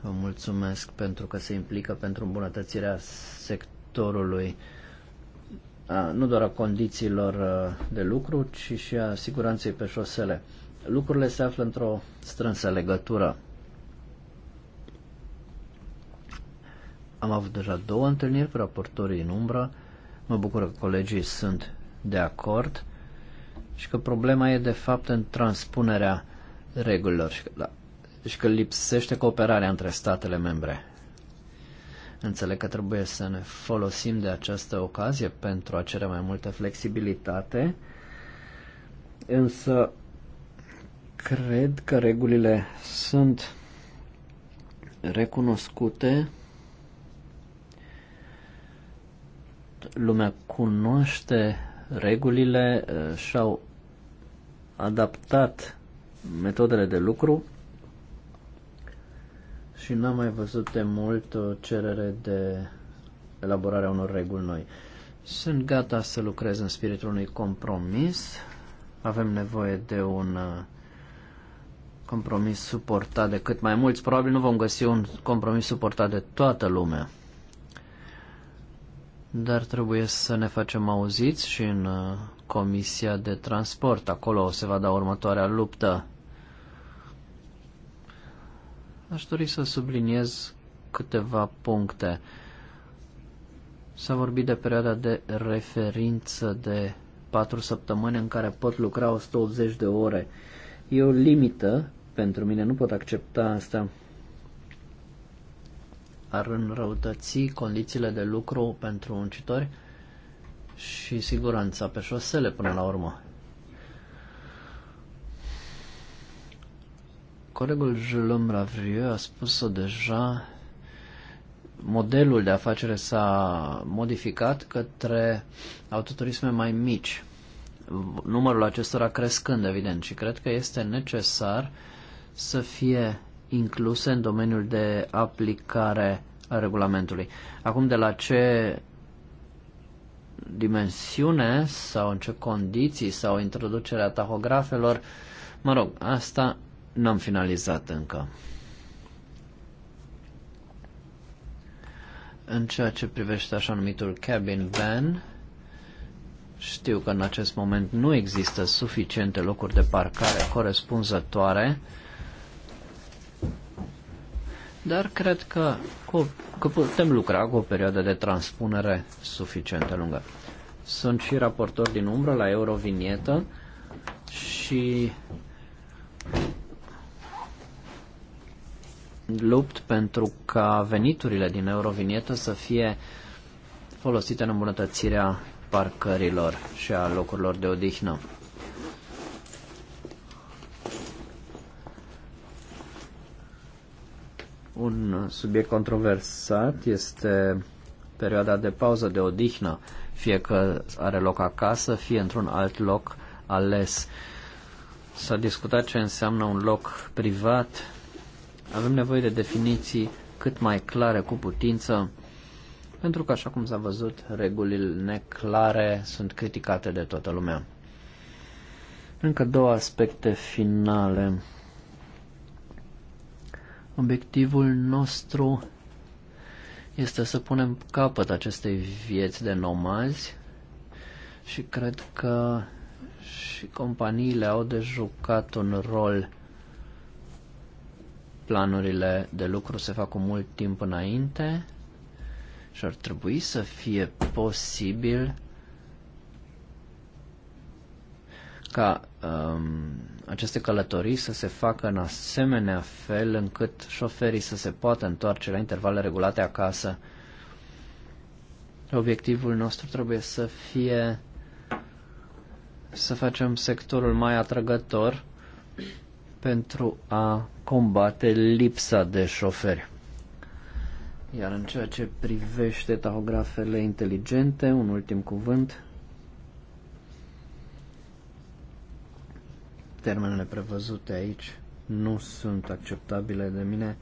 Vă mulțumesc pentru că se implică pentru îmbunătățirea sectorului nu doar a condițiilor de lucru, ci și a siguranței pe șosele. Lucrurile se află într-o strânsă legătură. Am avut deja două întâlniri cu raportorii în umbră. Mă bucur că colegii sunt de acord și că problema e de fapt în transpunerea regulilor și că, da, și că lipsește cooperarea între statele membre. Înțeleg că trebuie să ne folosim de această ocazie pentru a cere mai multă flexibilitate, însă cred că regulile sunt recunoscute, lumea cunoaște regulile uh, și-au adaptat metodele de lucru și n-am mai văzut de mult o cerere de elaborarea unor reguli noi. Sunt gata să lucrez în spiritul unui compromis. Avem nevoie de un uh, compromis suportat de cât mai mulți. Probabil nu vom găsi un compromis suportat de toată lumea dar trebuie să ne facem auziți și în uh, Comisia de Transport. Acolo se va da următoarea luptă. Aș dori să subliniez câteva puncte. S-a vorbit de perioada de referință de 4 săptămâni în care pot lucra 180 de ore. E o limită pentru mine, nu pot accepta asta ar înrăutăți condițiile de lucru pentru muncitori și siguranța pe șosele până la urmă. Colegul Julom Ravrieu a spus-o deja, modelul de afacere s-a modificat către autoturisme mai mici, numărul acestora crescând, evident, și cred că este necesar să fie incluse în domeniul de aplicare a regulamentului. Acum, de la ce dimensiune sau în ce condiții sau introducerea tahografelor, mă rog, asta n-am finalizat încă. În ceea ce privește așa numitul cabin van, știu că în acest moment nu există suficiente locuri de parcare corespunzătoare dar cred că, cu, că putem lucra cu o perioadă de transpunere suficient de lungă. Sunt și raportor din umbră la Eurovinietă și lupt pentru ca veniturile din Eurovinietă să fie folosite în îmbunătățirea parcărilor și a locurilor de odihnă. Un subiect controversat este perioada de pauză, de odihnă, fie că are loc acasă, fie într-un alt loc ales. S-a discutat ce înseamnă un loc privat. Avem nevoie de definiții cât mai clare cu putință, pentru că, așa cum s-a văzut, regulile neclare sunt criticate de toată lumea. Încă două aspecte finale. Obiectivul nostru este să punem capăt acestei vieți de nomazi și cred că și companiile au de jucat un rol. Planurile de lucru se fac cu mult timp înainte și ar trebui să fie posibil ca um, aceste călătorii să se facă în asemenea fel încât șoferii să se poată întoarce la intervale regulate acasă. Obiectivul nostru trebuie să fie să facem sectorul mai atrăgător pentru a combate lipsa de șoferi. Iar în ceea ce privește tahografele inteligente, un ultim cuvânt, termenele prevăzute aici nu sunt acceptabile de mine.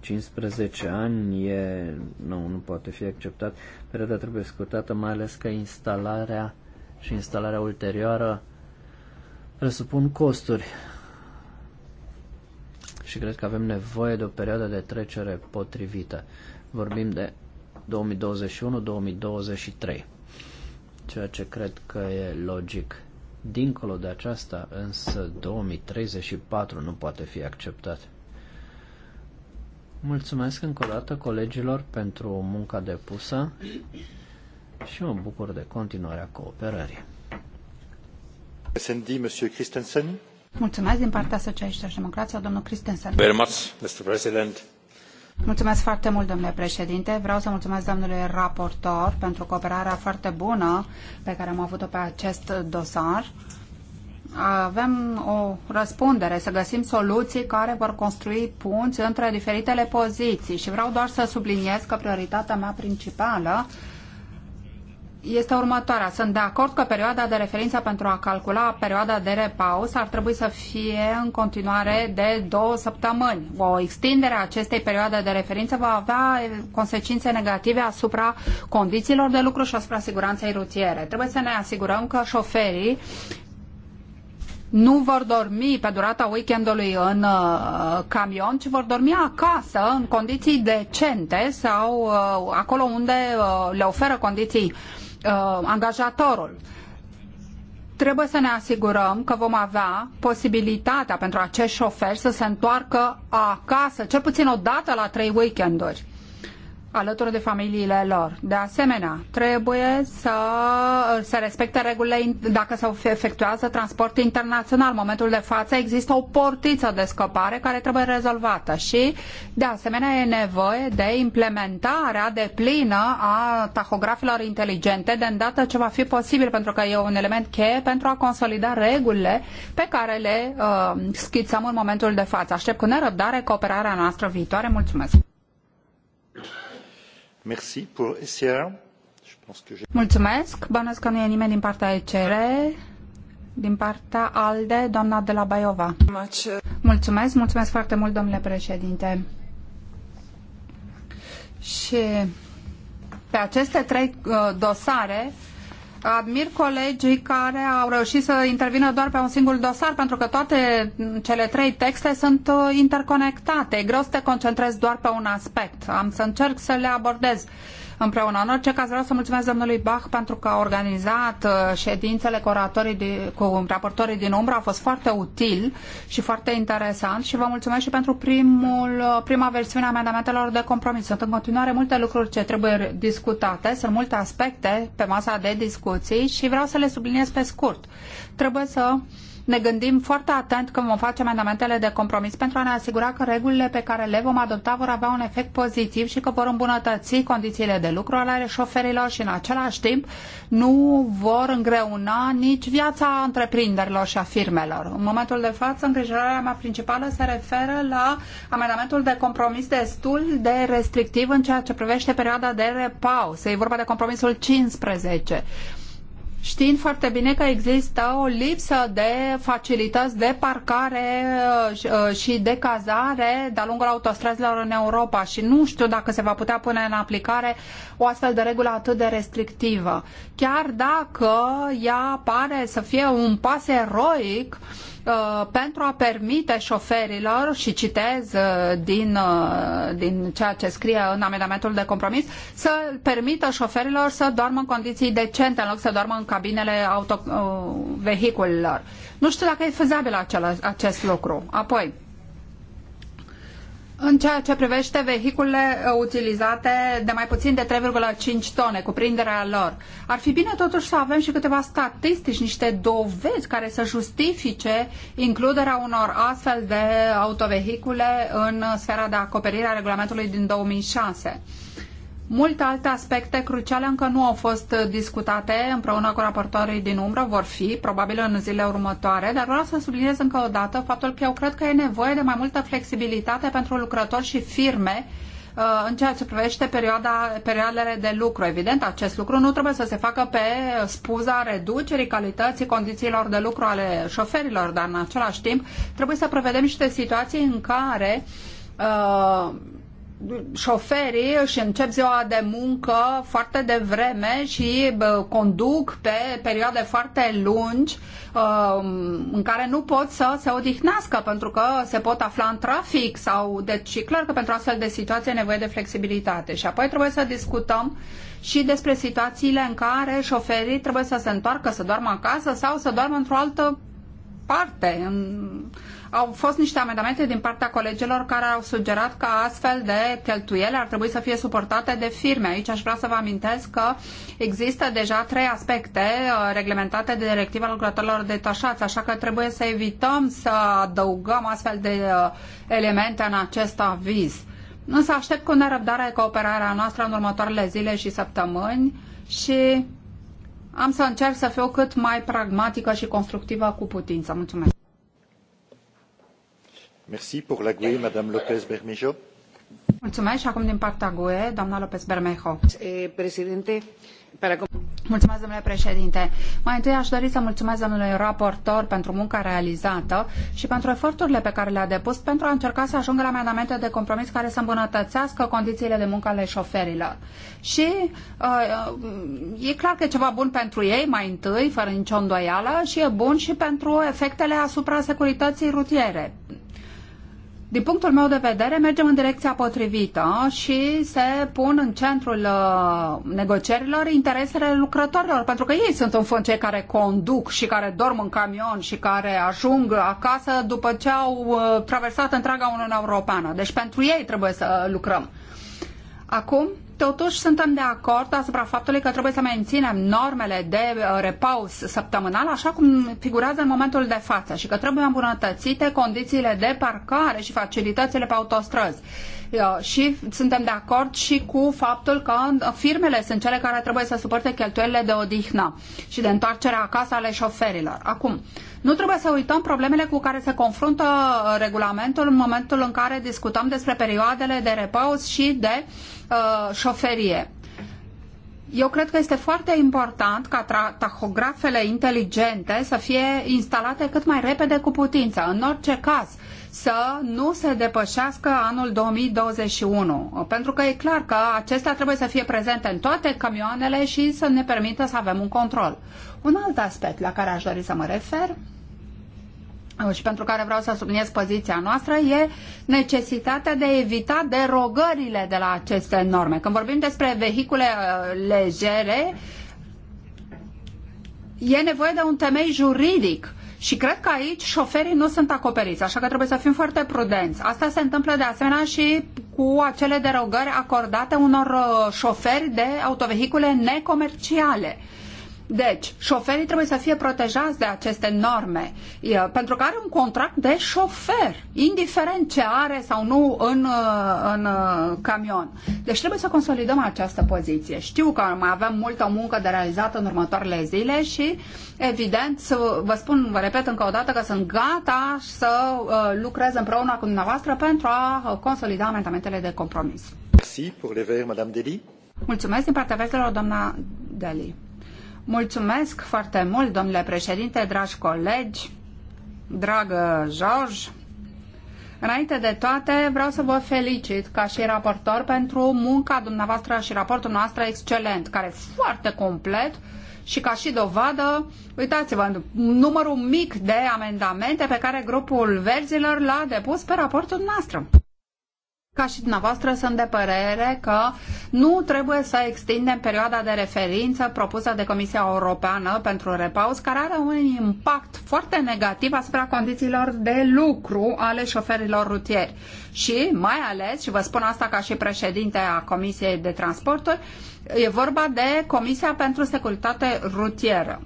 15 ani e, nu, nu poate fi acceptat. Perioada trebuie scurtată, mai ales că instalarea și instalarea ulterioară presupun costuri. Și cred că avem nevoie de o perioadă de trecere potrivită. Vorbim de 2021-2023 ceea ce cred că e logic. Dincolo de aceasta, însă, 2034 nu poate fi acceptat. Mulțumesc încă o dată colegilor pentru munca depusă și mă bucur de continuarea cooperării. SND, Monsieur Christensen. Mulțumesc din partea Socialiștilor și Democrația, domnul Christensen. Very much, Mr. President. Mulțumesc foarte mult, domnule președinte. Vreau să mulțumesc domnului raportor pentru cooperarea foarte bună pe care am avut-o pe acest dosar. Avem o răspundere să găsim soluții care vor construi punți între diferitele poziții și vreau doar să subliniez că prioritatea mea principală este următoarea. Sunt de acord că perioada de referință pentru a calcula perioada de repaus ar trebui să fie în continuare de două săptămâni. O extindere a acestei perioade de referință va avea consecințe negative asupra condițiilor de lucru și asupra siguranței rutiere. Trebuie să ne asigurăm că șoferii nu vor dormi pe durata weekendului în uh, camion, ci vor dormi acasă în condiții decente sau uh, acolo unde uh, le oferă condiții uh, Uh, angajatorul. Trebuie să ne asigurăm că vom avea posibilitatea pentru acești șoferi să se întoarcă acasă, cel puțin o dată la trei weekenduri alături de familiile lor. De asemenea, trebuie să se respecte regulile dacă se efectuează transport internațional. În momentul de față există o portiță de scăpare care trebuie rezolvată și, de asemenea, e nevoie de implementarea de plină a tahografilor inteligente de îndată ce va fi posibil, pentru că e un element cheie pentru a consolida regulile pe care le uh, schițăm în momentul de față. Aștept cu nerăbdare cooperarea noastră viitoare. Mulțumesc! Mulțumesc. Bănuiesc că nu e nimeni din partea ECR. Din partea ALDE, doamna de la Baiova. Mulțumesc, mulțumesc foarte mult, domnule președinte. Și pe aceste trei uh, dosare Admir colegii care au reușit să intervină doar pe un singur dosar, pentru că toate cele trei texte sunt uh, interconectate. E greu să te concentrezi doar pe un aspect. Am să încerc să le abordez. Uh, împreună. În orice caz vreau să mulțumesc domnului Bach pentru că a organizat uh, ședințele cu, de, cu raportorii din umbră. A fost foarte util și foarte interesant și vă mulțumesc și pentru primul, uh, prima versiune a amendamentelor de compromis. Sunt în continuare multe lucruri ce trebuie discutate, sunt multe aspecte pe masa de discuții și vreau să le subliniez pe scurt. Trebuie să ne gândim foarte atent când vom face amendamentele de compromis pentru a ne asigura că regulile pe care le vom adopta vor avea un efect pozitiv și că vor îmbunătăți condițiile de lucru ale șoferilor și în același timp nu vor îngreuna nici viața întreprinderilor și a firmelor. În momentul de față, îngrijorarea mea principală se referă la amendamentul de compromis destul de restrictiv în ceea ce privește perioada de repaus. E vorba de compromisul 15 știind foarte bine că există o lipsă de facilități de parcare uh, uh, și de cazare de-a lungul autostrăzilor în Europa și nu știu dacă se va putea pune în aplicare o astfel de regulă atât de restrictivă. Chiar dacă ea pare să fie un pas eroic uh, Uh, pentru a permite șoferilor, și citez uh, din, uh, din ceea ce scrie în amendamentul de compromis, să permită șoferilor să doarmă în condiții decente în loc să doarmă în cabinele autovehiculelor. Nu știu dacă e fezabil acest lucru. Apoi, în ceea ce privește vehiculele uh, utilizate de mai puțin de 3,5 tone, cuprinderea lor, ar fi bine totuși să avem și câteva statistici, niște dovezi care să justifice includerea unor astfel de autovehicule în sfera de acoperire a regulamentului din 2006. Multe alte aspecte cruciale încă nu au fost discutate împreună cu raportorii din umbră, vor fi probabil în zilele următoare, dar vreau să subliniez încă o dată faptul că eu cred că e nevoie de mai multă flexibilitate pentru lucrători și firme uh, în ceea ce privește perioada, perioadele de lucru. Evident, acest lucru nu trebuie să se facă pe spuza reducerii calității condițiilor de lucru ale șoferilor, dar în același timp trebuie să prevedem niște situații în care uh, șoferii își încep ziua de muncă foarte devreme și conduc pe perioade foarte lungi um, în care nu pot să se odihnească pentru că se pot afla în trafic sau deci clar că pentru astfel de situații e nevoie de flexibilitate și apoi trebuie să discutăm și despre situațiile în care șoferii trebuie să se întoarcă, să doarmă acasă sau să doarmă într-o altă parte, în, au fost niște amendamente din partea colegilor care au sugerat că astfel de cheltuieli ar trebui să fie suportate de firme. Aici aș vrea să vă amintesc că există deja trei aspecte uh, reglementate de directiva lucrătorilor detașați, așa că trebuie să evităm să adăugăm astfel de uh, elemente în acest aviz. Însă aștept cu nerăbdare cooperarea noastră în următoarele zile și săptămâni și am să încerc să fiu cât mai pragmatică și constructivă cu putință. Mulțumesc! Merci pour la GUE, Madame Bermejo. Mulțumesc și acum din partea GUE, doamna Lopez Bermejo. Eh, președinte, Mulțumesc, domnule președinte. Mai întâi aș dori să mulțumesc domnului raportor pentru munca realizată și pentru eforturile pe care le-a depus pentru a încerca să ajungă la amendamente de compromis care să îmbunătățească condițiile de muncă ale șoferilor. Și uh, e clar că e ceva bun pentru ei, mai întâi, fără nicio îndoială, și e bun și pentru efectele asupra securității rutiere din punctul meu de vedere, mergem în direcția potrivită și se pun în centrul uh, negocierilor interesele lucrătorilor, pentru că ei sunt în fond cei care conduc și care dorm în camion și care ajung acasă după ce au uh, traversat întreaga Uniunea Europeană. Deci pentru ei trebuie să lucrăm. Acum, Totuși, suntem de acord asupra faptului că trebuie să menținem normele de uh, repaus săptămânal așa cum figurează în momentul de față și că trebuie îmbunătățite condițiile de parcare și facilitățile pe autostrăzi uh, și suntem de acord și cu faptul că uh, firmele sunt cele care trebuie să suporte cheltuielile de odihnă și de întoarcere acasă ale șoferilor. Acum, nu trebuie să uităm problemele cu care se confruntă regulamentul în momentul în care discutăm despre perioadele de repaus și de uh, șoferie. Eu cred că este foarte important ca tahografele inteligente să fie instalate cât mai repede cu putință, în orice caz, să nu se depășească anul 2021, pentru că e clar că acestea trebuie să fie prezente în toate camioanele și să ne permită să avem un control. Un alt aspect la care aș dori să mă refer și pentru care vreau să subliniez poziția noastră, e necesitatea de a evita derogările de la aceste norme. Când vorbim despre vehicule uh, legere, e nevoie de un temei juridic. Și cred că aici șoferii nu sunt acoperiți, așa că trebuie să fim foarte prudenți. Asta se întâmplă de asemenea și cu acele derogări acordate unor uh, șoferi de autovehicule necomerciale. Deci, șoferii trebuie să fie protejați de aceste norme, pentru că are un contract de șofer, indiferent ce are sau nu în, uh, în uh, camion. Deci trebuie să consolidăm această poziție. Știu că mai avem multă muncă de realizată în următoarele zile și, evident, vă spun, vă repet încă o dată că sunt gata să uh, lucrez împreună cu dumneavoastră pentru a consolida amendamentele de compromis. Mulțumesc din partea vestelor, doamna Deli. Mulțumesc foarte mult, domnule președinte, dragi colegi, dragă George. Înainte de toate, vreau să vă felicit ca și raportor pentru munca dumneavoastră și raportul nostru excelent, care e foarte complet și ca și dovadă, uitați-vă, numărul mic de amendamente pe care grupul verzilor l-a depus pe raportul nostru ca și dumneavoastră, sunt de părere că nu trebuie să extindem perioada de referință propusă de Comisia Europeană pentru repaus, care are un impact foarte negativ asupra condițiilor de lucru ale șoferilor rutieri. Și mai ales, și vă spun asta ca și președinte a Comisiei de Transporturi, e vorba de Comisia pentru Securitate Rutieră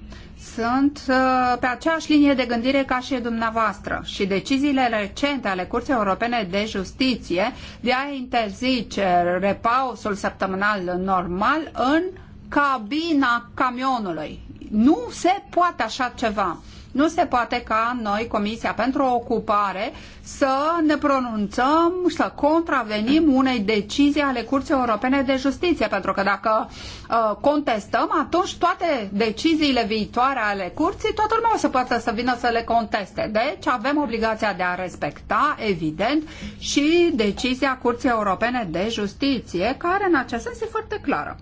sunt uh, pe aceeași linie de gândire ca și dumneavoastră și deciziile recente ale Curții Europene de Justiție de a interzice repausul săptămânal normal în cabina camionului. Nu se poate așa ceva. Nu se poate ca noi, Comisia pentru Ocupare, să ne pronunțăm, să contravenim unei decizii ale Curții Europene de Justiție, pentru că dacă uh, contestăm, atunci toate deciziile viitoare ale Curții, toată lumea o să poată să vină să le conteste. Deci avem obligația de a respecta, evident, și decizia Curții Europene de Justiție, care în acest sens e foarte clară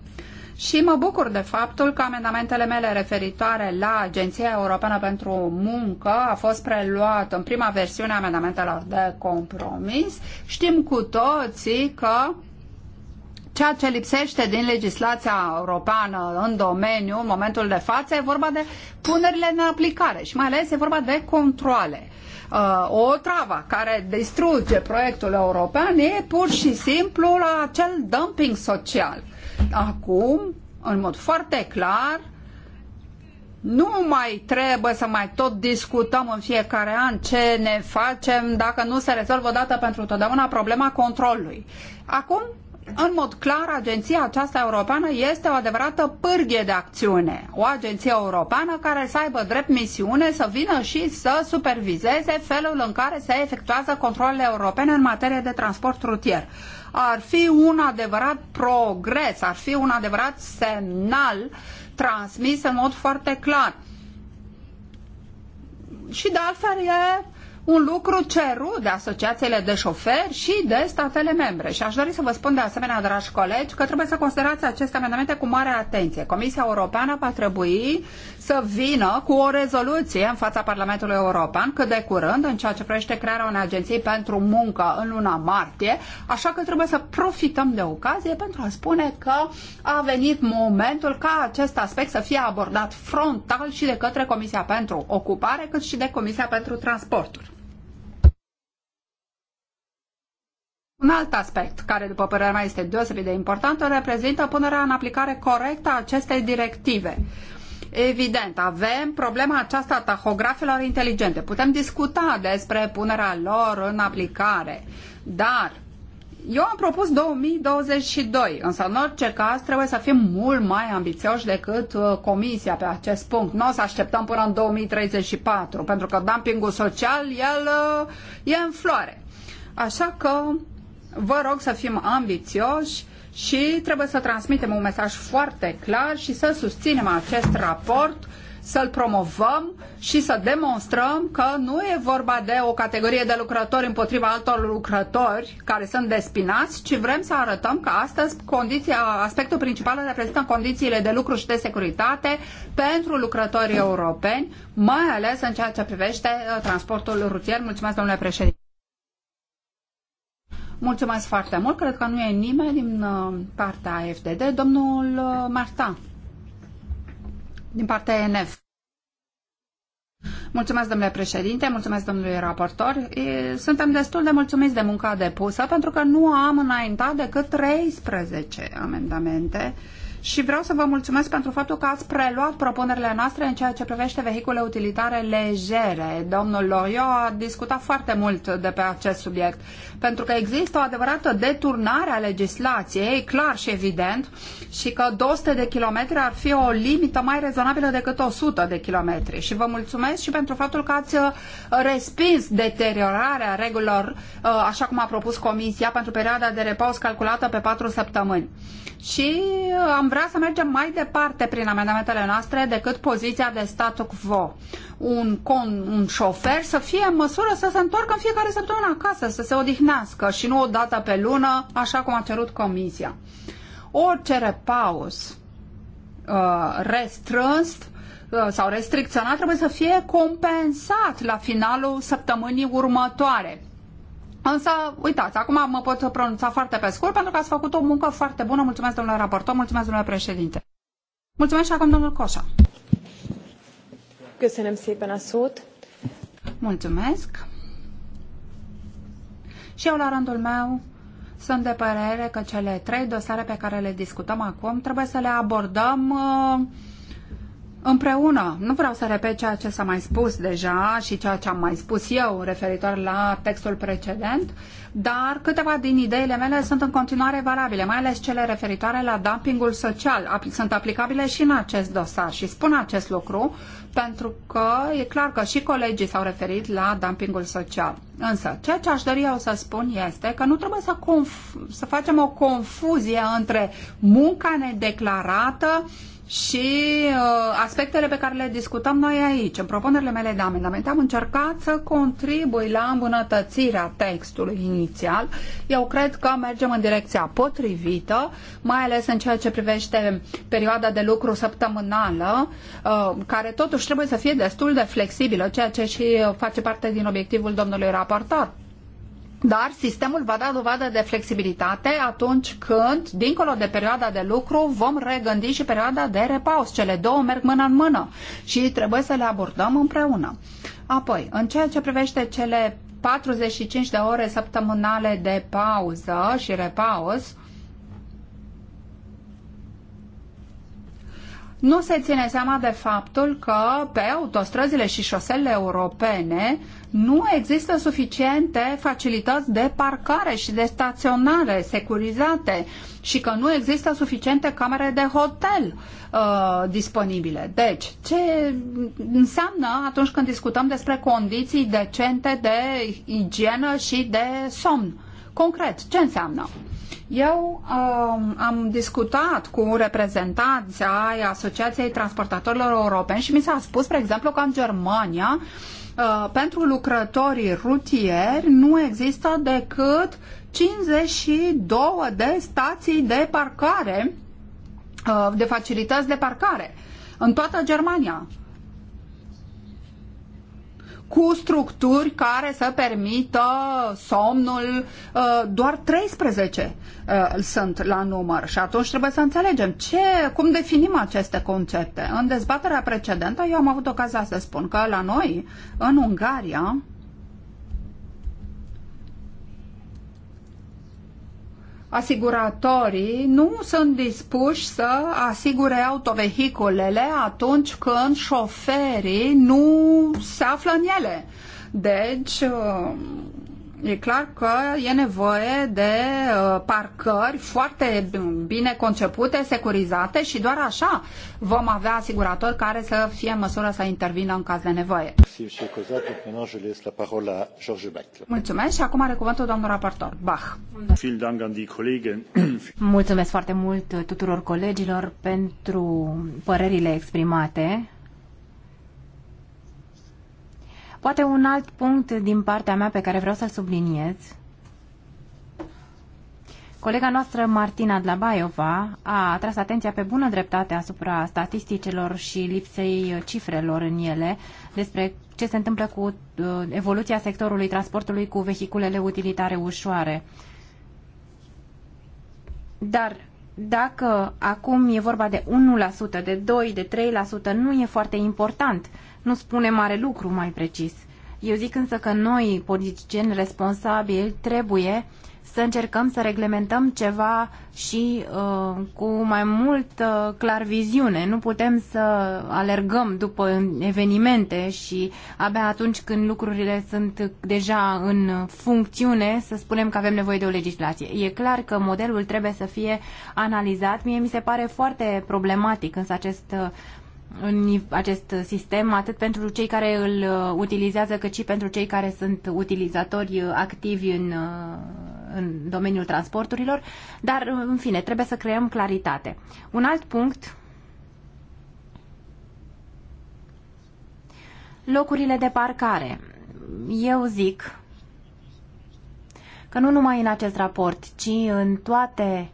și mă bucur de faptul că amendamentele mele referitoare la Agenția Europeană pentru Muncă a fost preluat în prima versiune a amendamentelor de compromis. Știm cu toții că ceea ce lipsește din legislația europeană în domeniu, în momentul de față, e vorba de punerile în aplicare și mai ales e vorba de controle. Uh, o travă care distruge proiectul european e pur și simplu la acel dumping social acum, în mod foarte clar, nu mai trebuie să mai tot discutăm în fiecare an ce ne facem dacă nu se rezolvă dată pentru totdeauna problema controlului. Acum, în mod clar, agenția aceasta europeană este o adevărată pârghie de acțiune. O agenție europeană care să aibă drept misiune să vină și să superviseze felul în care se efectuează controlele europene în materie de transport rutier ar fi un adevărat progres, ar fi un adevărat semnal transmis în mod foarte clar. Și de altfel e un lucru cerut de asociațiile de șoferi și de statele membre. Și aș dori să vă spun de asemenea, dragi colegi, că trebuie să considerați aceste amendamente cu mare atenție. Comisia Europeană va trebui să vină cu o rezoluție în fața Parlamentului European cât de curând în ceea ce privește crearea unei agenții pentru muncă în luna martie, așa că trebuie să profităm de ocazie pentru a spune că a venit momentul ca acest aspect să fie abordat frontal și de către Comisia pentru Ocupare, cât și de Comisia pentru Transporturi. Un alt aspect, care după părerea mea este deosebit de important, reprezintă punerea în aplicare corectă a acestei directive. Evident, avem problema aceasta a tahografelor inteligente. Putem discuta despre punerea lor în aplicare, dar eu am propus 2022, însă în orice caz trebuie să fim mult mai ambițioși decât uh, comisia pe acest punct. Nu o să așteptăm până în 2034, pentru că dumpingul social, el uh, e în floare. Așa că vă rog să fim ambițioși și trebuie să transmitem un mesaj foarte clar și să susținem acest raport să-l promovăm și să demonstrăm că nu e vorba de o categorie de lucrători împotriva altor lucrători care sunt despinați, ci vrem să arătăm că astăzi condiția, aspectul principal reprezintă condițiile de lucru și de securitate pentru lucrătorii europeni, mai ales în ceea ce privește uh, transportul rutier. Mulțumesc, domnule președinte. Mulțumesc foarte mult. Cred că nu e nimeni din uh, partea FDD. Domnul uh, Marta, din partea ENF. Mulțumesc, domnule președinte, mulțumesc, domnului raportor. Suntem destul de mulțumiți de munca depusă pentru că nu am înaintat decât 13 amendamente uh, și vreau să vă mulțumesc pentru faptul că ați preluat propunerile noastre în ceea ce privește vehicule utilitare legere. Domnul Lorio a discutat foarte mult de pe acest subiect, pentru că există o adevărată deturnare a legislației, clar și evident, și că 200 de kilometri ar fi o limită mai rezonabilă decât 100 de kilometri. Și vă mulțumesc și pentru faptul că ați uh, respins deteriorarea regulilor, uh, așa cum a propus Comisia, pentru perioada de repaus calculată pe 4 săptămâni și uh, am vrea să mergem mai departe prin amendamentele noastre decât poziția de statu quo. Un, con, un șofer să fie în măsură să se întoarcă în fiecare săptămână acasă, să se odihnească și nu o dată pe lună, așa cum a cerut comisia. Orice repaus uh, restrâns uh, sau restricționat trebuie să fie compensat la finalul săptămânii următoare. Însă, uitați, acum mă pot pronunța foarte pe scurt pentru că ați făcut o muncă foarte bună. Mulțumesc, domnule raportor, mulțumesc, domnule președinte. Mulțumesc și acum, domnul Coșa. Köszönöm szépen a Mulțumesc. Și eu, la rândul meu, sunt de părere că cele trei dosare pe care le discutăm acum trebuie să le abordăm uh, Împreună, nu vreau să repet ceea ce s-a mai spus deja și ceea ce am mai spus eu referitor la textul precedent, dar câteva din ideile mele sunt în continuare valabile, mai ales cele referitoare la dumpingul social. Sunt aplicabile și în acest dosar și spun acest lucru pentru că e clar că și colegii s-au referit la dumpingul social. Însă, ceea ce aș dori eu să spun este că nu trebuie să, să facem o confuzie între munca nedeclarată și uh, aspectele pe care le discutăm noi aici, în propunerile mele de amendamente, am încercat să contribui la îmbunătățirea textului inițial. Eu cred că mergem în direcția potrivită, mai ales în ceea ce privește perioada de lucru săptămânală, uh, care totuși trebuie să fie destul de flexibilă, ceea ce și face parte din obiectivul domnului raportor dar sistemul va da dovadă de flexibilitate atunci când, dincolo de perioada de lucru, vom regândi și perioada de repaus. Cele două merg mână în mână și trebuie să le abordăm împreună. Apoi, în ceea ce privește cele 45 de ore săptămânale de pauză și repaus, nu se ține seama de faptul că pe autostrăzile și șoselele europene nu există suficiente facilități de parcare și de staționare securizate și că nu există suficiente camere de hotel uh, disponibile. Deci, ce înseamnă atunci când discutăm despre condiții decente de igienă și de somn? Concret, ce înseamnă? Eu um, am discutat cu reprezentanții ai Asociației Transportatorilor Europeni și mi s-a spus, spre exemplu, că în Germania uh, Uh, pentru lucrătorii rutieri nu există decât 52 de stații de parcare, uh, de facilități de parcare în toată Germania cu structuri care să permită somnul. Uh, doar 13 uh, sunt la număr și atunci trebuie să înțelegem ce, cum definim aceste concepte. În dezbaterea precedentă eu am avut ocazia să spun că la noi, în Ungaria, asiguratorii nu sunt dispuși să asigure autovehiculele atunci când șoferii nu se află în ele. Deci, e clar că e nevoie de uh, parcări foarte bine concepute, securizate și doar așa vom avea asiguratori care să fie în măsură să intervină în caz de nevoie. Mulțumesc și acum are cuvântul domnul raportor. Bach. <coughs> Mulțumesc foarte mult tuturor colegilor pentru părerile exprimate Poate un alt punct din partea mea pe care vreau să-l subliniez. Colega noastră Martina Dlabaiova a atras atenția pe bună dreptate asupra statisticelor și lipsei cifrelor în ele despre ce se întâmplă cu uh, evoluția sectorului transportului cu vehiculele utilitare ușoare. Dar dacă acum e vorba de 1%, de 2%, de 3%, nu e foarte important nu spune mare lucru mai precis. Eu zic însă că noi, politicieni responsabili, trebuie să încercăm să reglementăm ceva și uh, cu mai mult uh, clar viziune. Nu putem să alergăm după evenimente și abia atunci când lucrurile sunt deja în funcțiune să spunem că avem nevoie de o legislație. E clar că modelul trebuie să fie analizat. Mie mi se pare foarte problematic însă acest uh, în acest sistem, atât pentru cei care îl uh, utilizează, cât și pentru cei care sunt utilizatori uh, activi în, uh, în domeniul transporturilor, dar, în fine, trebuie să creăm claritate. Un alt punct, locurile de parcare. Eu zic că nu numai în acest raport, ci în toate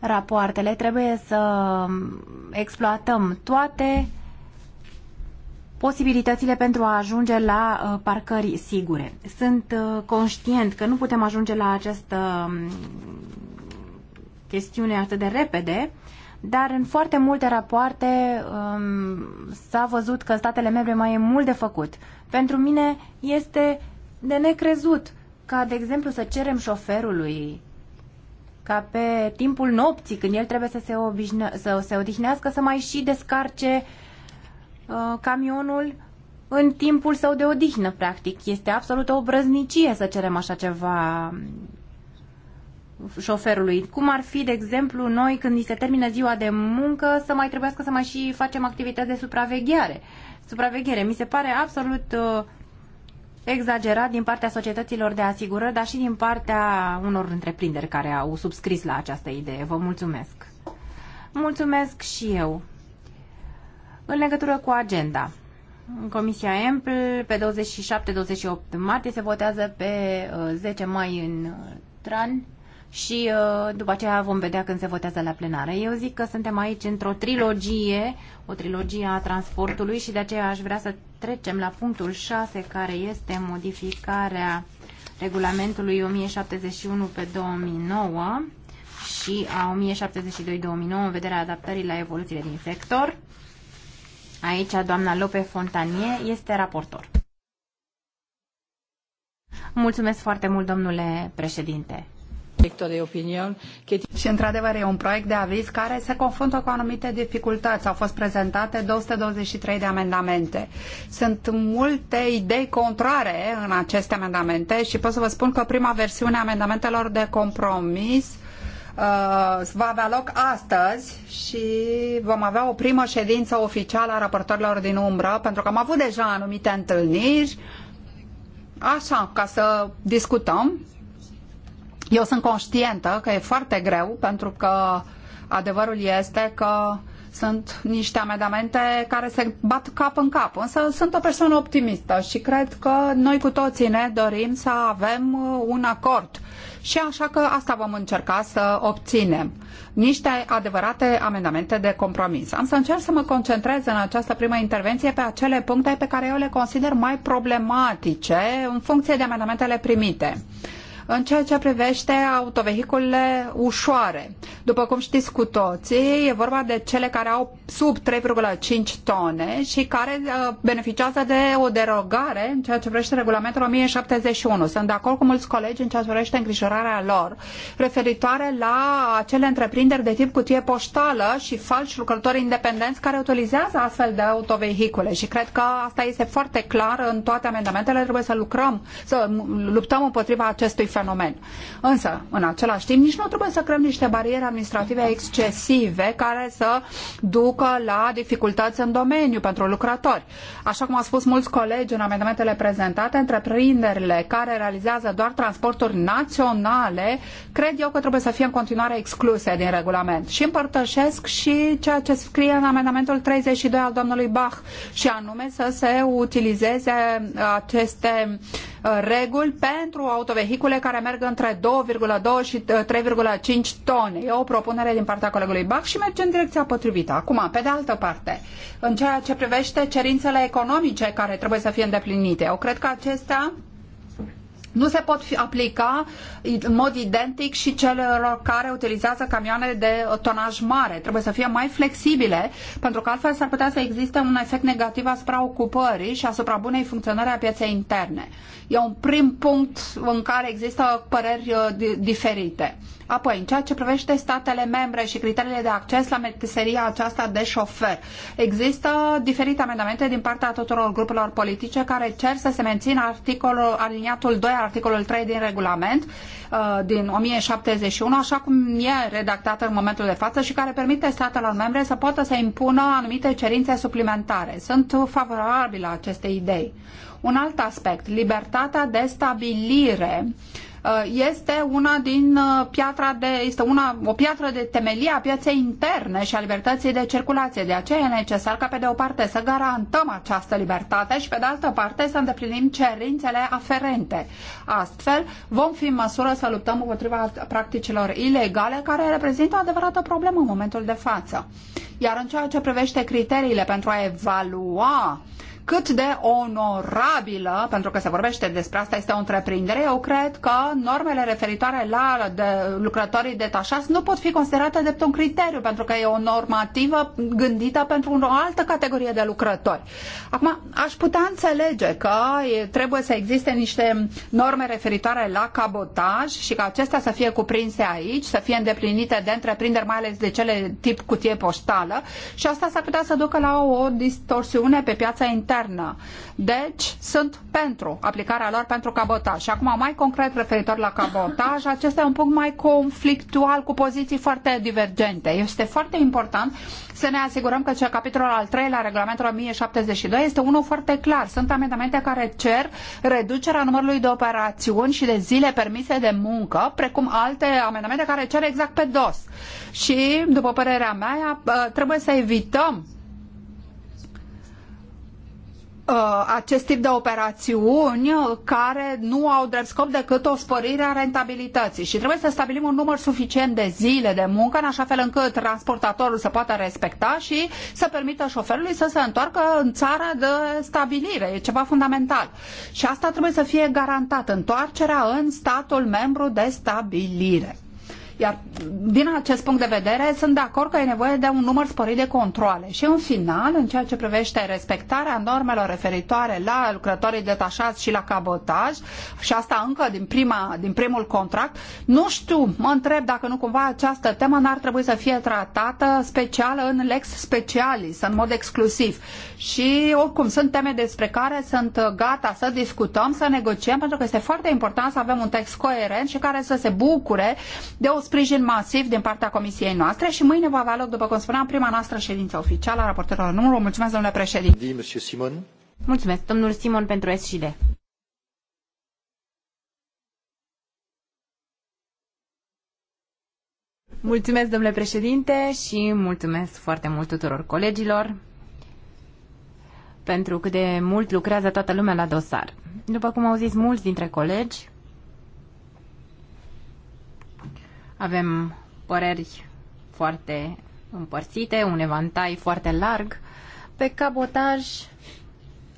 rapoartele, trebuie să exploatăm toate posibilitățile pentru a ajunge la uh, parcări sigure. Sunt uh, conștient că nu putem ajunge la această um, chestiune atât de repede, dar în foarte multe rapoarte um, s-a văzut că statele membre mai e mult de făcut. Pentru mine este de necrezut ca, de exemplu, să cerem șoferului ca pe timpul nopții, când el trebuie să se, obișne, să se odihnească, să mai și descarce uh, camionul în timpul său de odihnă, practic. Este absolut o brăznicie să cerem așa ceva um, șoferului. Cum ar fi, de exemplu, noi când ni se termină ziua de muncă să mai trebuiască să mai și facem activități de supraveghere. Supraveghere. Mi se pare absolut uh, exagerat din partea societăților de asigurări, dar și din partea unor întreprinderi care au subscris la această idee. Vă mulțumesc! Mulțumesc și eu! În legătură cu agenda, în Comisia EMPL, pe 27-28 martie se votează pe 10 uh, mai în uh, TRAN și uh, după aceea vom vedea când se votează la plenară. Eu zic că suntem aici într-o trilogie, o trilogie a transportului și de aceea aș vrea să trecem la punctul 6 care este modificarea regulamentului 1071 pe 2009 și a 1072-2009 în vederea adaptării la evoluțiile din sector. Aici doamna Lope Fontanie este raportor. Mulțumesc foarte mult, domnule președinte. Și într-adevăr e un proiect de aviz care se confruntă cu anumite dificultăți. Au fost prezentate 223 de amendamente. Sunt multe idei contrare în aceste amendamente și pot să vă spun că prima versiune a amendamentelor de compromis uh, va avea loc astăzi și vom avea o primă ședință oficială a raportorilor din umbră, pentru că am avut deja anumite întâlniri, așa, ca să discutăm eu sunt conștientă că e foarte greu pentru că adevărul este că sunt niște amendamente care se bat cap în cap, însă sunt o persoană optimistă și cred că noi cu toții ne dorim să avem uh, un acord. Și așa că asta vom încerca să obținem. Niște adevărate amendamente de compromis. Am să încerc să mă concentrez în această primă intervenție pe acele puncte pe care eu le consider mai problematice în funcție de amendamentele primite în ceea ce privește autovehiculele ușoare. După cum știți cu toții, e vorba de cele care au sub 3,5 tone și care uh, beneficiază de o derogare în ceea ce privește regulamentul 1071. Sunt de acord cu mulți colegi în ceea ce privește îngrijorarea lor referitoare la acele întreprinderi de tip cutie poștală și falși lucrători independenți care utilizează astfel de autovehicule și cred că asta este foarte clar în toate amendamentele, trebuie să lucrăm, să luptăm împotriva acestui fenomen fenomen. Însă, în același timp, nici nu trebuie să creăm niște bariere administrative excesive care să ducă la dificultăți în domeniu pentru lucrători. Așa cum au spus mulți colegi în amendamentele prezentate, întreprinderile care realizează doar transporturi naționale, cred eu că trebuie să fie în continuare excluse din regulament. Și împărtășesc și ceea ce scrie în amendamentul 32 al domnului Bach, și anume să se utilizeze aceste Uh, reguli pentru autovehicule care merg între 2,2 și 3,5 uh, tone. E o propunere din partea colegului Bach și merge în direcția potrivită. Acum, pe de altă parte, în ceea ce privește cerințele economice care trebuie să fie îndeplinite, eu cred că acestea nu se pot fi aplica în mod identic și celor care utilizează camioane de tonaj mare. Trebuie să fie mai flexibile, pentru că altfel s-ar putea să existe un efect negativ asupra ocupării și asupra bunei funcționări a pieței interne. E un prim punct în care există păreri uh, diferite. Apoi, în ceea ce privește statele membre și criteriile de acces la meseria aceasta de șofer, există diferite amendamente din partea tuturor grupurilor politice care cer să se mențină articolul aliniatul 2 articolul 3 din regulament uh, din 1071, așa cum e redactată în momentul de față și care permite statelor membre să poată să impună anumite cerințe suplimentare. Sunt favorabilă acestei idei. Un alt aspect, libertatea de stabilire uh, Uh, este una din uh, piatra de, este una, o piatră de temelie a pieței interne și a libertății de circulație. De aceea e necesar ca pe de o parte să garantăm această libertate și pe de altă parte să îndeplinim cerințele aferente. Astfel vom fi în măsură să luptăm împotriva practicilor ilegale care reprezintă o adevărată problemă în momentul de față. Iar în ceea ce privește criteriile pentru a evalua uh, cât de onorabilă, pentru că se vorbește despre asta, este o întreprindere, eu cred că normele referitoare la de lucrătorii detașați nu pot fi considerate drept un criteriu, pentru că e o normativă gândită pentru o altă categorie de lucrători. Acum, aș putea înțelege că trebuie să existe niște norme referitoare la cabotaj și că acestea să fie cuprinse aici, să fie îndeplinite de întreprinderi, mai ales de cele tip cutie poștală și asta s-ar putea să ducă la o distorsiune pe piața internă internă. Deci, sunt pentru aplicarea lor pentru cabotaj. Și acum, mai concret referitor la cabotaj, acesta e un punct mai conflictual cu poziții foarte divergente. Este foarte important să ne asigurăm că cel capitolul al treilea, regulamentul 1072, este unul foarte clar. Sunt amendamente care cer reducerea numărului de operațiuni și de zile permise de muncă, precum alte amendamente care cer exact pe dos. Și, după părerea mea, ă, trebuie să evităm Uh, acest tip de operațiuni care nu au drept scop decât o sporire a rentabilității și trebuie să stabilim un număr suficient de zile de muncă în așa fel încât transportatorul să poată respecta și să permită șoferului să se întoarcă în țara de stabilire. E ceva fundamental. Și asta trebuie să fie garantat, întoarcerea în statul membru de stabilire. Iar din acest punct de vedere sunt de acord că e nevoie de un număr sporit de controle. Și în final, în ceea ce privește respectarea normelor referitoare la lucrătorii detașați și la cabotaj, și asta încă din, prima, din primul contract, nu știu, mă întreb dacă nu cumva această temă n-ar trebui să fie tratată specială în lex specialis, în mod exclusiv. Și oricum sunt teme despre care sunt gata să discutăm, să negociem, pentru că este foarte important să avem un text coerent și care să se bucure de o sprijin masiv din partea comisiei noastre și mâine va avea loc, după cum spuneam, prima noastră ședință oficială a raportorilor numărul. Mulțumesc, domnule președinte. Simon. Mulțumesc, domnul Simon, pentru S și D. Mulțumesc, domnule președinte, și mulțumesc foarte mult tuturor colegilor pentru cât de mult lucrează toată lumea la dosar. După cum au zis mulți dintre colegi, Avem păreri foarte împărțite, un evantai foarte larg. Pe cabotaj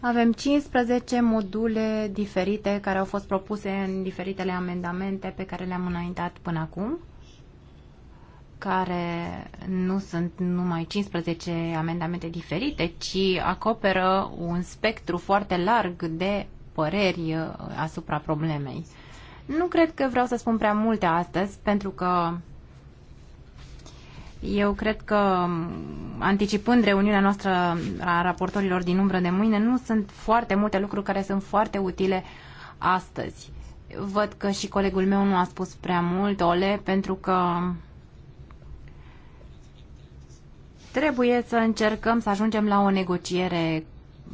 avem 15 module diferite care au fost propuse în diferitele amendamente pe care le-am înaintat până acum, care nu sunt numai 15 amendamente diferite, ci acoperă un spectru foarte larg de păreri uh, asupra problemei. Nu cred că vreau să spun prea multe astăzi, pentru că eu cred că, anticipând reuniunea noastră a raportorilor din umbră de mâine, nu sunt foarte multe lucruri care sunt foarte utile astăzi. Văd că și colegul meu nu a spus prea mult, Ole, pentru că trebuie să încercăm să ajungem la o negociere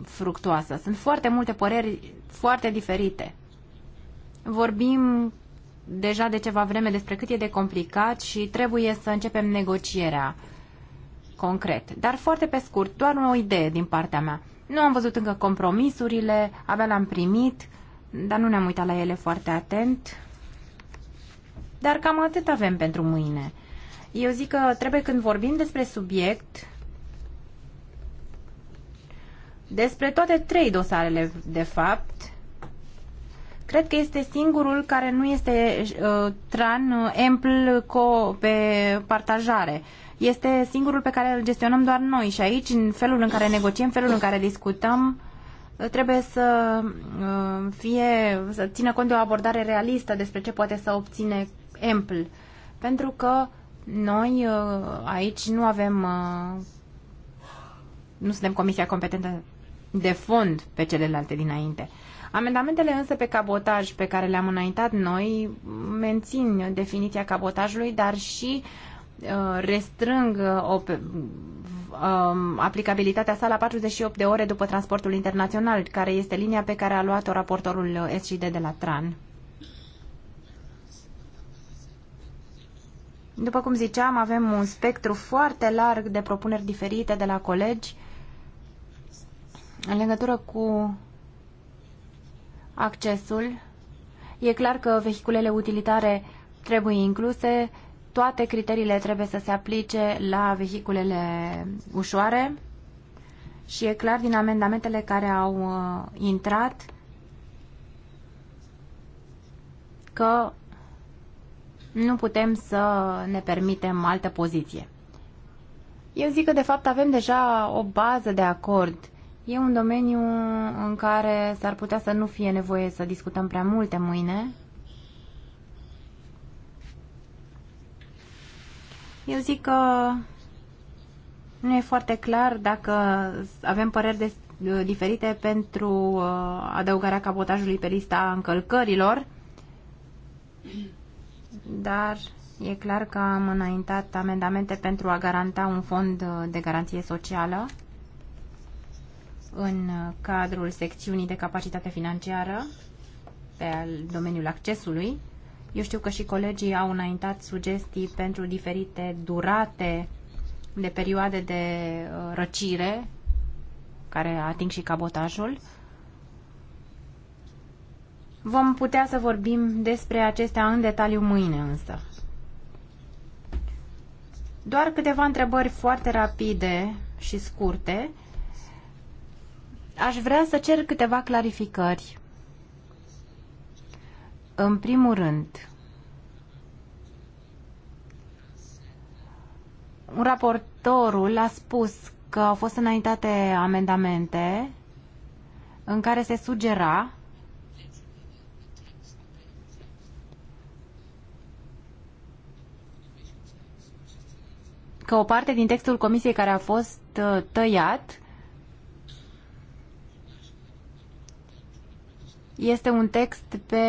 fructuoasă. Sunt foarte multe păreri foarte diferite. Vorbim deja de ceva vreme despre cât e de complicat și trebuie să începem negocierea concret. Dar foarte pe scurt, doar o idee din partea mea. Nu am văzut încă compromisurile, abia l-am primit, dar nu ne-am uitat la ele foarte atent. Dar cam atât avem pentru mâine. Eu zic că trebuie când vorbim despre subiect, despre toate trei dosarele, de fapt, Cred că este singurul care nu este uh, tran uh, ampl co pe partajare. Este singurul pe care îl gestionăm doar noi și aici, în felul în care negociem, felul în care discutăm, uh, trebuie să uh, fie, să țină cont de o abordare realistă despre ce poate să obține ampl. Pentru că noi uh, aici nu avem, uh, nu suntem comisia competentă de fond pe celelalte dinainte. Amendamentele însă pe cabotaj pe care le-am înaintat noi mențin definiția cabotajului, dar și uh, restrâng uh, o, um, aplicabilitatea sa la 48 de ore după transportul internațional, care este linia pe care a luat-o raportorul SCD de la TRAN. După cum ziceam, avem un spectru foarte larg de propuneri diferite de la colegi în legătură cu accesul. E clar că vehiculele utilitare trebuie incluse, toate criteriile trebuie să se aplice la vehiculele ușoare și e clar din amendamentele care au uh, intrat că nu putem să ne permitem altă poziție. Eu zic că, de fapt, avem deja o bază de acord E un domeniu în care s-ar putea să nu fie nevoie să discutăm prea multe mâine. Eu zic că nu e foarte clar dacă avem păreri de, diferite pentru uh, adăugarea cabotajului pe lista încălcărilor, dar e clar că am înaintat amendamente pentru a garanta un fond uh, de garanție socială în cadrul secțiunii de capacitate financiară pe domeniul accesului. Eu știu că și colegii au înaintat sugestii pentru diferite durate de perioade de uh, răcire care ating și cabotajul. Vom putea să vorbim despre acestea în detaliu mâine însă. Doar câteva întrebări foarte rapide și scurte Aș vrea să cer câteva clarificări. În primul rând, un raportorul a spus că au fost înaintate amendamente în care se sugera că o parte din textul comisiei care a fost uh, tăiat Este un text pe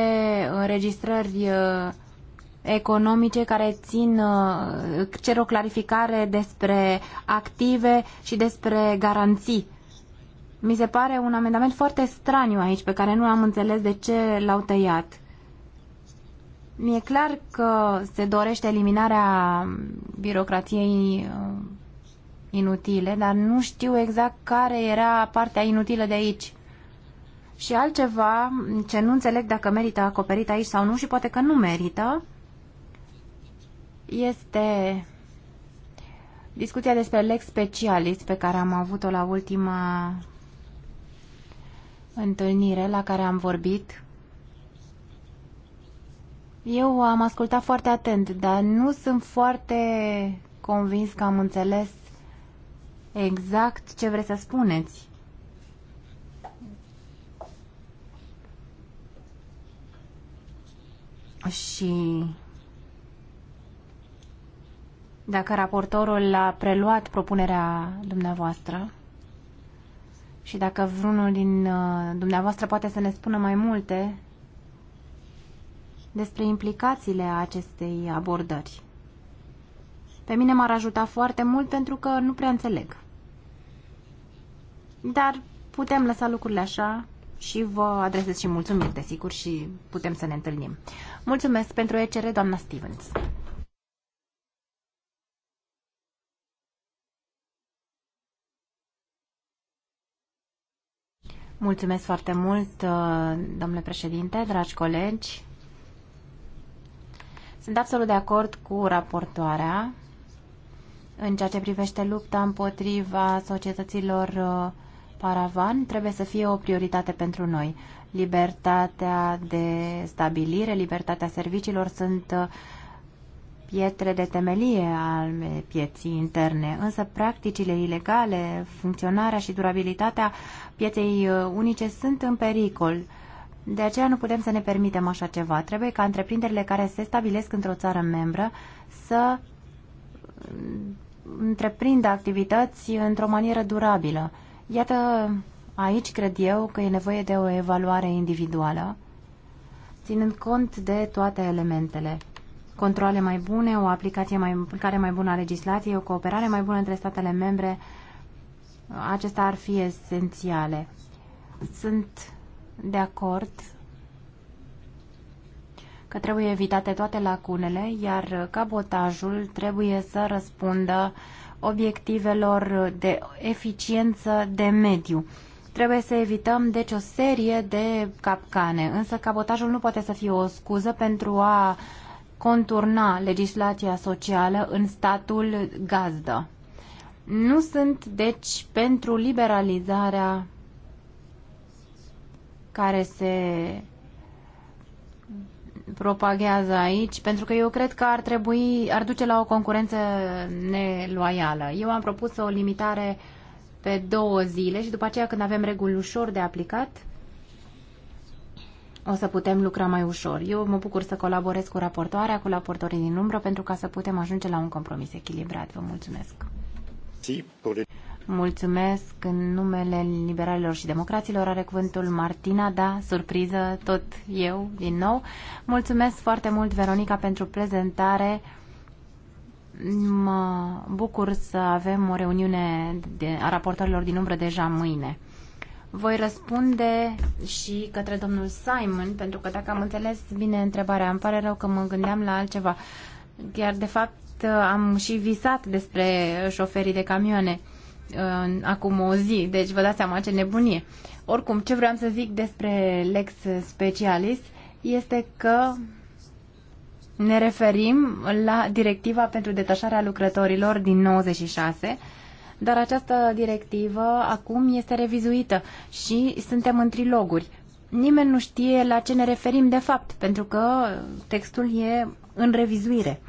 înregistrări uh, economice care țin, uh, cer o clarificare despre active și despre garanții. Mi se pare un amendament foarte straniu aici, pe care nu am înțeles de ce l-au tăiat. Mi-e clar că se dorește eliminarea birocrației uh, inutile, dar nu știu exact care era partea inutilă de aici. Și altceva ce nu înțeleg dacă merită acoperit aici sau nu și poate că nu merită este discuția despre lex specialist pe care am avut-o la ultima întâlnire la care am vorbit. Eu am ascultat foarte atent, dar nu sunt foarte convins că am înțeles exact ce vreți să spuneți. și dacă raportorul a preluat propunerea dumneavoastră și dacă vreunul din uh, dumneavoastră poate să ne spună mai multe despre implicațiile acestei abordări. Pe mine m-ar ajuta foarte mult pentru că nu prea înțeleg. Dar putem lăsa lucrurile așa și vă adresez și mulțumiri, desigur, și putem să ne întâlnim. Mulțumesc pentru ECR, doamna Stevens. Mulțumesc foarte mult, uh, domnule președinte, dragi colegi. Sunt absolut de acord cu raportoarea în ceea ce privește lupta împotriva societăților uh, paravan trebuie să fie o prioritate pentru noi libertatea de stabilire, libertatea serviciilor sunt uh, pietre de temelie ale pieții interne, însă practicile ilegale, funcționarea și durabilitatea pieței uh, unice sunt în pericol. De aceea nu putem să ne permitem așa ceva. Trebuie ca întreprinderile care se stabilesc într-o țară membră să mm, întreprindă activități într-o manieră durabilă. Iată Aici cred eu că e nevoie de o evaluare individuală, ținând cont de toate elementele. Controle mai bune, o aplicație mai, care mai bună a legislației, o cooperare mai bună între statele membre, acestea ar fi esențiale. Sunt de acord că trebuie evitate toate lacunele, iar cabotajul trebuie să răspundă obiectivelor de eficiență de mediu. Trebuie să evităm, deci, o serie de capcane, însă cabotajul nu poate să fie o scuză pentru a conturna legislația socială în statul gazdă. Nu sunt, deci, pentru liberalizarea care se propaghează aici, pentru că eu cred că ar trebui, ar duce la o concurență neloială. Eu am propus o limitare uh, pe două zile și după aceea când avem reguli ușor de aplicat, o să putem lucra mai ușor. Eu mă bucur să colaborez cu raportoarea, cu raportorii din umbră, pentru ca să putem ajunge la un compromis echilibrat. Vă mulțumesc! Mulțumesc în numele liberalilor și democraților. Are cuvântul Martina, da, surpriză, tot eu, din nou. Mulțumesc foarte mult, Veronica, pentru prezentare. Mă bucur să avem o reuniune de, a raportorilor din umbră deja mâine. Voi răspunde și către domnul Simon, pentru că dacă am înțeles bine întrebarea, îmi pare rău că mă gândeam la altceva. Chiar, de fapt, am și visat despre șoferii de camioane acum o zi, deci vă dați seama ce nebunie. Oricum, ce vreau să zic despre Lex Specialis este că ne referim la directiva pentru detașarea lucrătorilor din 96, dar această directivă acum este revizuită și suntem în triloguri. Nimeni nu știe la ce ne referim de fapt, pentru că textul e în revizuire.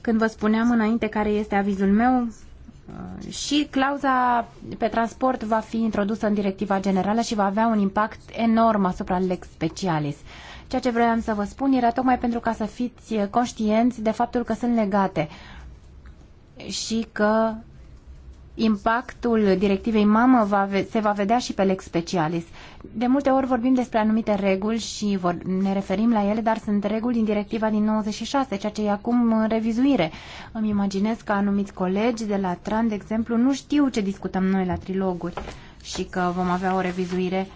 Când vă spuneam înainte care este avizul meu, Uh, și clauza pe transport va fi introdusă în directiva generală și va avea un impact enorm asupra lex specialis. Ceea ce vroiam să vă spun era tocmai pentru ca să fiți conștienți de faptul că sunt legate și că impactul directivei mamă va, se va vedea și pe lex specialis. De multe ori vorbim despre anumite reguli și vor, ne referim la ele, dar sunt reguli din directiva din 96, ceea ce e acum în revizuire. Îmi imaginez că anumiți colegi de la TRAN, de exemplu, nu știu ce discutăm noi la triloguri și că vom avea o revizuire.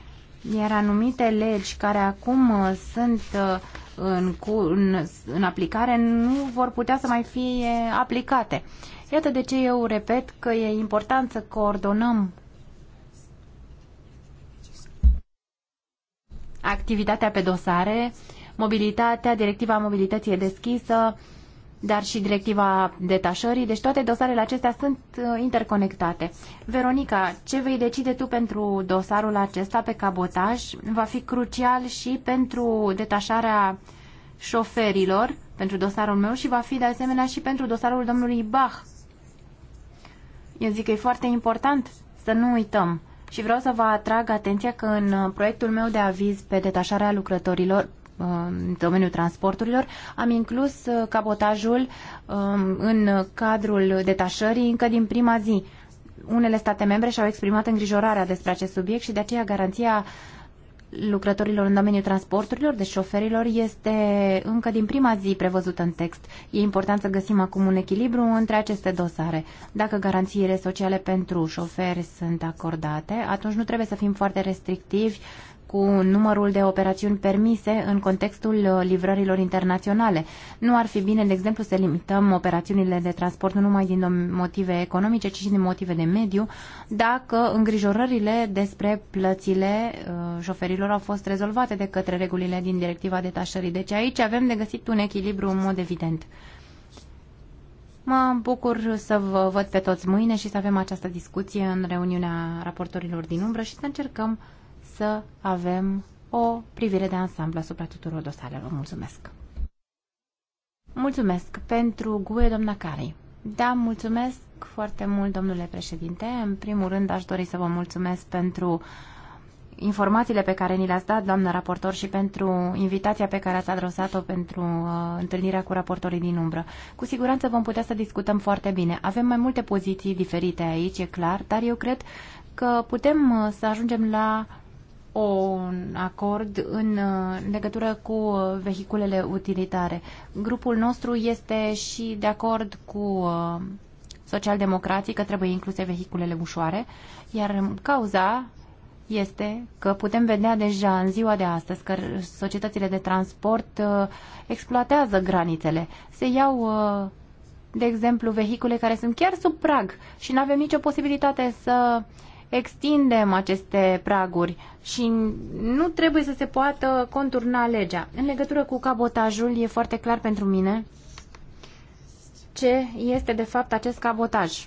Iar anumite legi care acum uh, sunt uh, în, în, în aplicare nu vor putea să mai fie aplicate. Iată de ce eu repet că e important să coordonăm activitatea pe dosare, mobilitatea, directiva mobilității deschisă, dar și directiva detașării. Deci toate dosarele acestea sunt uh, interconectate. Veronica, ce vei decide tu pentru dosarul acesta pe cabotaj va fi crucial și pentru detașarea șoferilor, pentru dosarul meu și va fi de asemenea și pentru dosarul domnului Bach eu zic că e foarte important să nu uităm și vreau să vă atrag atenția că în uh, proiectul meu de aviz pe detașarea lucrătorilor uh, în domeniul transporturilor, am inclus uh, cabotajul um, în cadrul detașării încă din prima zi. Unele state membre și-au exprimat îngrijorarea despre acest subiect și de aceea garanția lucrătorilor în domeniul transporturilor, de deci șoferilor, este încă din prima zi prevăzută în text. E important să găsim acum un echilibru între aceste dosare. Dacă garanțiile sociale pentru șoferi sunt acordate, atunci nu trebuie să fim foarte restrictivi uh, cu numărul de operațiuni permise în contextul uh, livrărilor internaționale. Nu ar fi bine, de exemplu, să limităm operațiunile de transport nu numai din motive economice, ci și din motive de mediu, dacă îngrijorările despre plățile uh, șoferilor au fost rezolvate de către regulile din directiva detașării. Deci aici avem de găsit un echilibru în mod evident. Mă bucur să vă văd pe toți mâine și să avem această discuție în reuniunea raportorilor din umbră și să încercăm să avem o privire de ansamblu asupra tuturor dosarelor. Mulțumesc! Mulțumesc pentru GUE, doamna Cari. Da, mulțumesc foarte mult, domnule președinte. În primul rând, aș dori să vă mulțumesc pentru informațiile pe care ni le-ați dat, doamnă raportor, și pentru invitația pe care ați adresat-o pentru uh, întâlnirea cu raportorii din umbră. Cu siguranță vom putea să discutăm foarte bine. Avem mai multe poziții diferite aici, e clar, dar eu cred că putem uh, să ajungem la un acord în uh, legătură cu uh, vehiculele utilitare. Grupul nostru este și de acord cu uh, socialdemocrații că trebuie incluse vehiculele ușoare, iar cauza este că putem vedea deja în ziua de astăzi că societățile de transport exploatează granițele. Se iau, de exemplu, vehicule care sunt chiar sub prag și nu avem nicio posibilitate să extindem aceste praguri și nu trebuie să se poată conturna legea. În legătură cu cabotajul, e foarte clar pentru mine ce este de fapt acest cabotaj.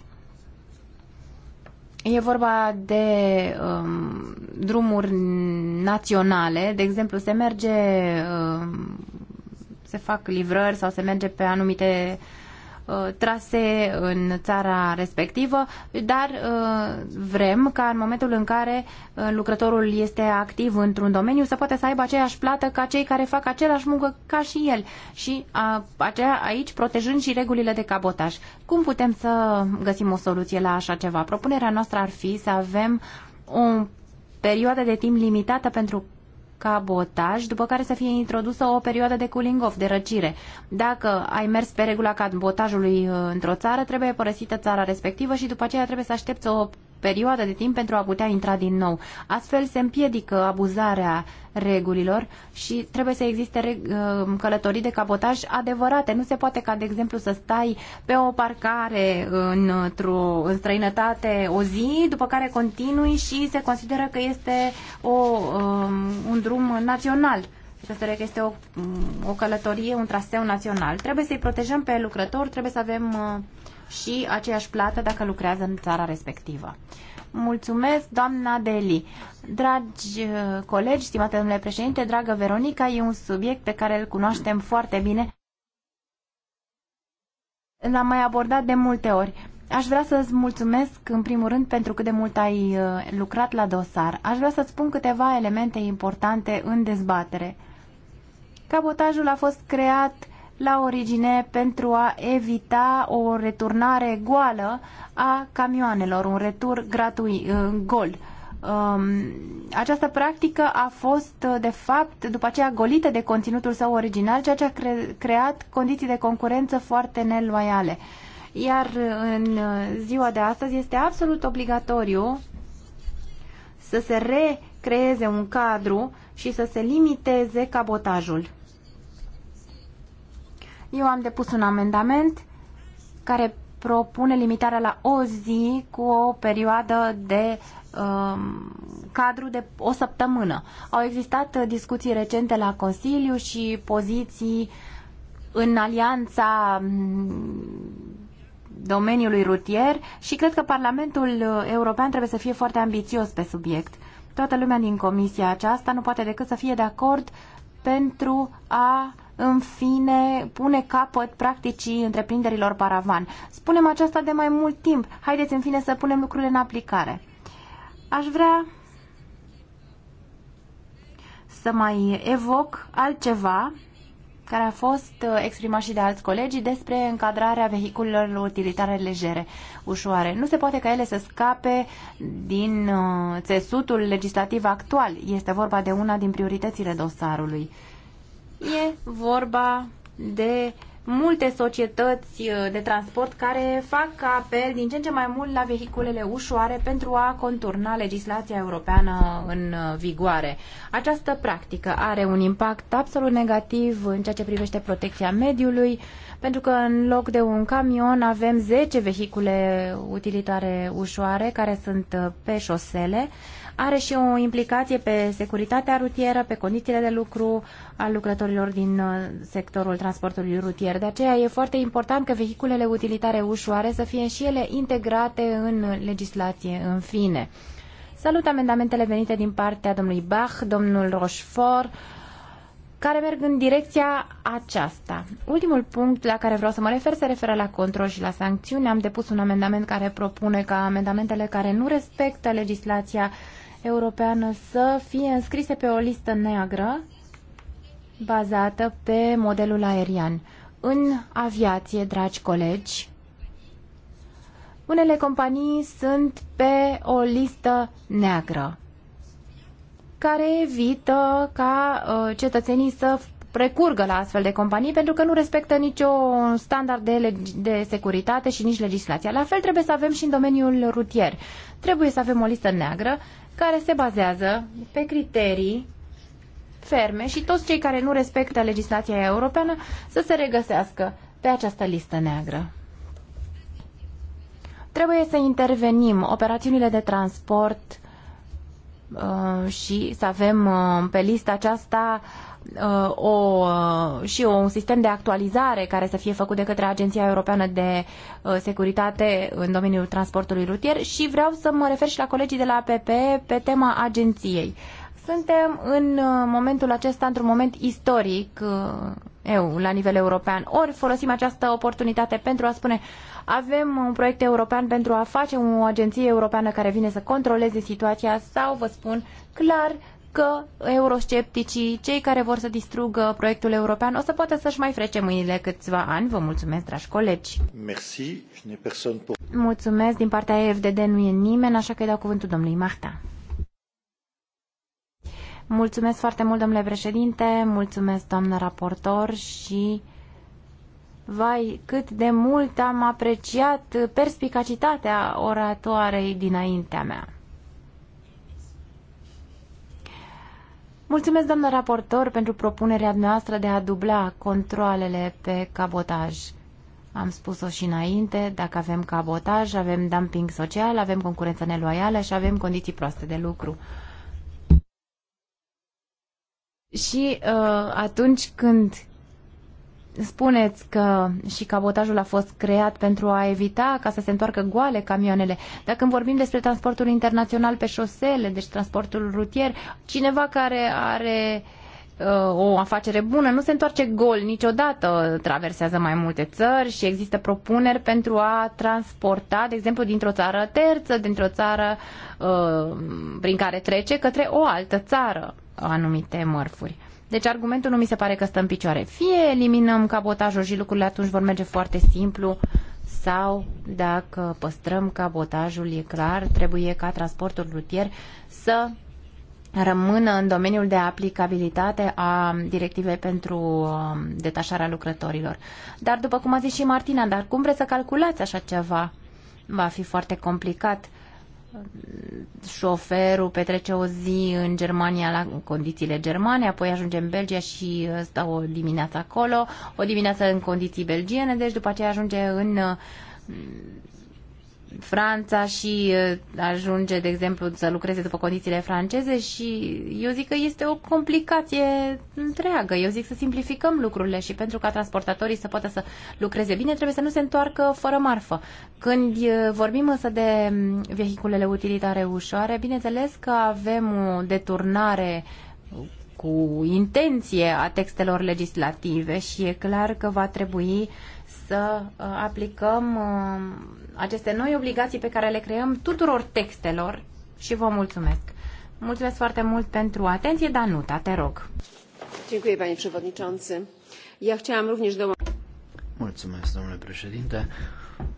E vorba de um, drumuri naționale, de exemplu, se merge, um, se fac livrări sau se merge pe anumite uh, Uh, trase în țara respectivă, dar uh, vrem ca în momentul în care uh, lucrătorul este activ într-un domeniu să poată să aibă aceeași plată ca cei care fac același muncă ca și el și aici protejând și regulile de cabotaj. Cum putem să găsim o soluție la așa ceva? Propunerea noastră ar fi să avem o perioadă de timp limitată pentru cabotaj, după care să fie introdusă o perioadă de cooling off, de răcire. Dacă ai mers pe regula cabotajului uh, într-o țară, trebuie părăsită țara respectivă și după aceea trebuie să aștepți o perioadă de timp pentru a putea intra din nou. Astfel se împiedică abuzarea regulilor și trebuie să existe uh, călătorii de cabotaj adevărate. Nu se poate ca, de exemplu, să stai pe o parcare într-o în străinătate o zi, după care continui și se consideră că este o, um, un drum național consideră că este o, um, o călătorie, un traseu național. Trebuie să-i protejăm pe lucrători, trebuie să avem uh, și aceeași plată dacă lucrează în țara respectivă. Mulțumesc, doamna Deli. Dragi uh, colegi, stimate domnule președinte, dragă Veronica, e un subiect pe care îl cunoaștem foarte bine. L-am mai abordat de multe ori. Aș vrea să-ți mulțumesc în primul rând pentru cât de mult ai uh, lucrat la dosar. Aș vrea să-ți spun câteva elemente importante în dezbatere. Cabotajul a fost creat la origine pentru a evita o returnare goală a camioanelor, un retur gratuit, uh, gol. Um, această practică a fost, uh, de fapt, după aceea golită de conținutul său original, ceea ce a creat condiții de concurență foarte neloiale. Iar uh, în ziua de astăzi este absolut obligatoriu să se recreeze un cadru și să se limiteze cabotajul. Eu am depus un amendament care propune limitarea la o zi cu o perioadă de um, cadru de o săptămână. Au existat uh, discuții recente la Consiliu și poziții în alianța mm, domeniului rutier și cred că Parlamentul uh, European trebuie să fie foarte ambițios pe subiect. Toată lumea din comisia aceasta nu poate decât să fie de acord pentru a în fine, pune capăt practicii întreprinderilor paravan. Spunem aceasta de mai mult timp. Haideți, în fine, să punem lucrurile în aplicare. Aș vrea să mai evoc altceva care a fost uh, exprimat și de alți colegi despre încadrarea vehiculelor utilitare legere, ușoare. Nu se poate ca ele să scape din uh, țesutul legislativ actual. Este vorba de una din prioritățile dosarului. E vorba de multe societăți uh, de transport care fac apel din ce în ce mai mult la vehiculele ușoare pentru a conturna legislația europeană în uh, vigoare. Această practică are un impact absolut negativ în ceea ce privește protecția mediului, pentru că în loc de un camion avem 10 vehicule utilitare ușoare care sunt uh, pe șosele, are și o implicație pe securitatea rutieră, pe condițiile de lucru al lucrătorilor din uh, sectorul transportului rutier. De aceea e foarte important că vehiculele utilitare ușoare să fie și ele integrate în legislație în fine. Salut amendamentele venite din partea domnului Bach, domnul Rochefort, care merg în direcția aceasta. Ultimul punct la care vreau să mă refer se referă la control și la sancțiuni. Am depus un amendament care propune ca amendamentele care nu respectă legislația Europeană să fie înscrise pe o listă neagră bazată pe modelul aerian. În aviație, dragi colegi, unele companii sunt pe o listă neagră care evită ca ă, cetățenii să precurgă la astfel de companii pentru că nu respectă niciun standard de, de securitate și nici legislația. La fel trebuie să avem și în domeniul rutier. Trebuie să avem o listă neagră care se bazează pe criterii ferme și toți cei care nu respectă legislația europeană să se regăsească pe această listă neagră. Trebuie să intervenim operațiunile de transport uh, și să avem uh, pe lista aceasta Uh, o, uh, și o, un sistem de actualizare care să fie făcut de către Agenția Europeană de uh, Securitate în domeniul transportului rutier și vreau să mă refer și la colegii de la APP pe tema agenției. Suntem în momentul acesta într-un moment istoric eu, la nivel european. Ori folosim această oportunitate pentru a spune avem un proiect european pentru a face o agenție europeană care vine să controleze situația sau, vă spun clar, că euroscepticii, cei care vor să distrugă proiectul european, o să poată să-și mai frece mâinile câțiva ani. Vă mulțumesc, dragi colegi. Merci. Pour... Mulțumesc. Din partea EFDD nu e nimeni, așa că îi dau cuvântul domnului Marta. Mulțumesc foarte mult, domnule președinte, mulțumesc, doamnă raportor și... Vai, cât de mult am apreciat perspicacitatea oratoarei dinaintea mea. Mulțumesc, doamnă raportor, pentru propunerea noastră de a dubla controlele pe cabotaj. Am spus-o și înainte, dacă avem cabotaj, avem dumping social, avem concurență neloială și avem condiții proaste de lucru. Și uh, atunci când spuneți că și cabotajul a fost creat pentru a evita ca să se întoarcă goale camioanele. Dacă când vorbim despre transportul internațional pe șosele, deci transportul rutier, cineva care are uh, o afacere bună nu se întoarce gol niciodată, traversează mai multe țări și există propuneri pentru a transporta, de exemplu, dintr-o țară terță, dintr-o țară uh, prin care trece, către o altă țară anumite mărfuri. Deci argumentul nu mi se pare că stă în picioare. Fie eliminăm cabotajul și lucrurile atunci vor merge foarte simplu, sau dacă păstrăm cabotajul, e clar, trebuie ca transportul rutier să rămână în domeniul de aplicabilitate a directivei pentru um, detașarea lucrătorilor. Dar după cum a zis și Martina, dar cum vreți să calculați așa ceva? Va fi foarte complicat șoferul petrece o zi în Germania la condițiile germane, apoi ajunge în Belgia și uh, stă o dimineață acolo, o dimineață în condiții belgiene, deci după aceea ajunge în uh, Franța și ajunge, de exemplu, să lucreze după condițiile franceze și eu zic că este o complicație întreagă. Eu zic să simplificăm lucrurile și pentru ca transportatorii să poată să lucreze bine, trebuie să nu se întoarcă fără marfă. Când vorbim însă de vehiculele utilitare ușoare, bineînțeles că avem o deturnare cu intenție a textelor legislative și e clar că va trebui să uh, aplicăm uh, aceste noi obligații pe care le creăm tuturor textelor și vă mulțumesc. Mulțumesc foarte mult pentru atenție, Danuta, te rog. Dziękuję, panie przewodniczący. Ja chciałam również do... Mulțumesc, domnule președinte.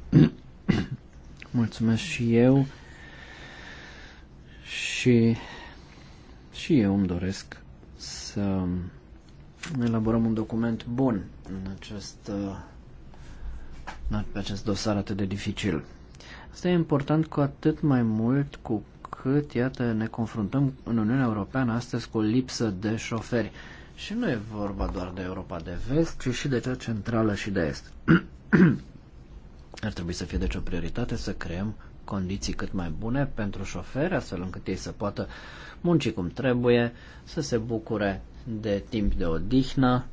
<clears throat> Mulțumesc și eu. Și, și eu îmi doresc să elaborăm un document bun în această uh, pe acest dosar atât de dificil. Asta e important cu atât mai mult cu cât, iată, ne confruntăm în Uniunea Europeană astăzi cu o lipsă de șoferi. Și nu e vorba doar de Europa de vest, ci și de cea centrală și de est. <clears throat> Ar trebui să fie deci o prioritate să creăm condiții cât mai bune pentru șoferi, astfel încât ei să poată munci cum trebuie, să se bucure de timp de odihnă,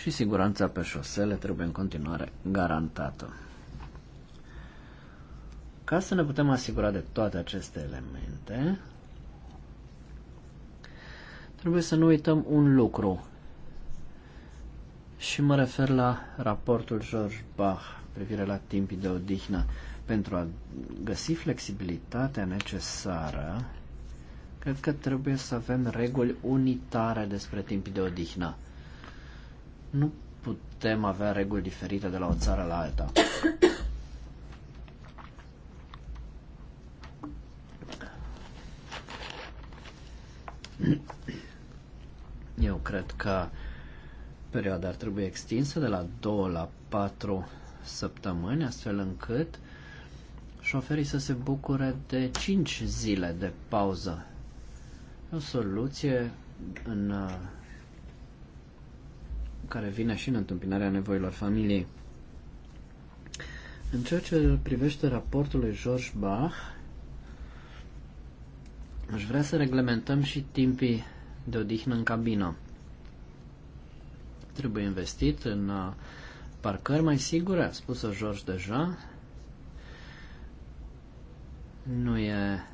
și siguranța pe șosele trebuie în continuare garantată. Ca să ne putem asigura de toate aceste elemente, trebuie să nu uităm un lucru. Și mă refer la raportul George Bach privire la timpii de odihnă. Pentru a găsi flexibilitatea necesară, cred că trebuie să avem reguli unitare despre timpii de odihnă. Nu putem avea reguli diferite de la o țară la alta. Eu cred că perioada ar trebui extinsă de la 2 la 4 săptămâni, astfel încât șoferii să se bucure de 5 zile de pauză. o soluție în uh, care vine și în întâmpinarea nevoilor familiei. În ceea ce privește raportul lui George Bach, aș vrea să reglementăm și timpii de odihnă în cabină. Trebuie investit în uh, parcări mai sigure, a spus-o George deja. Nu e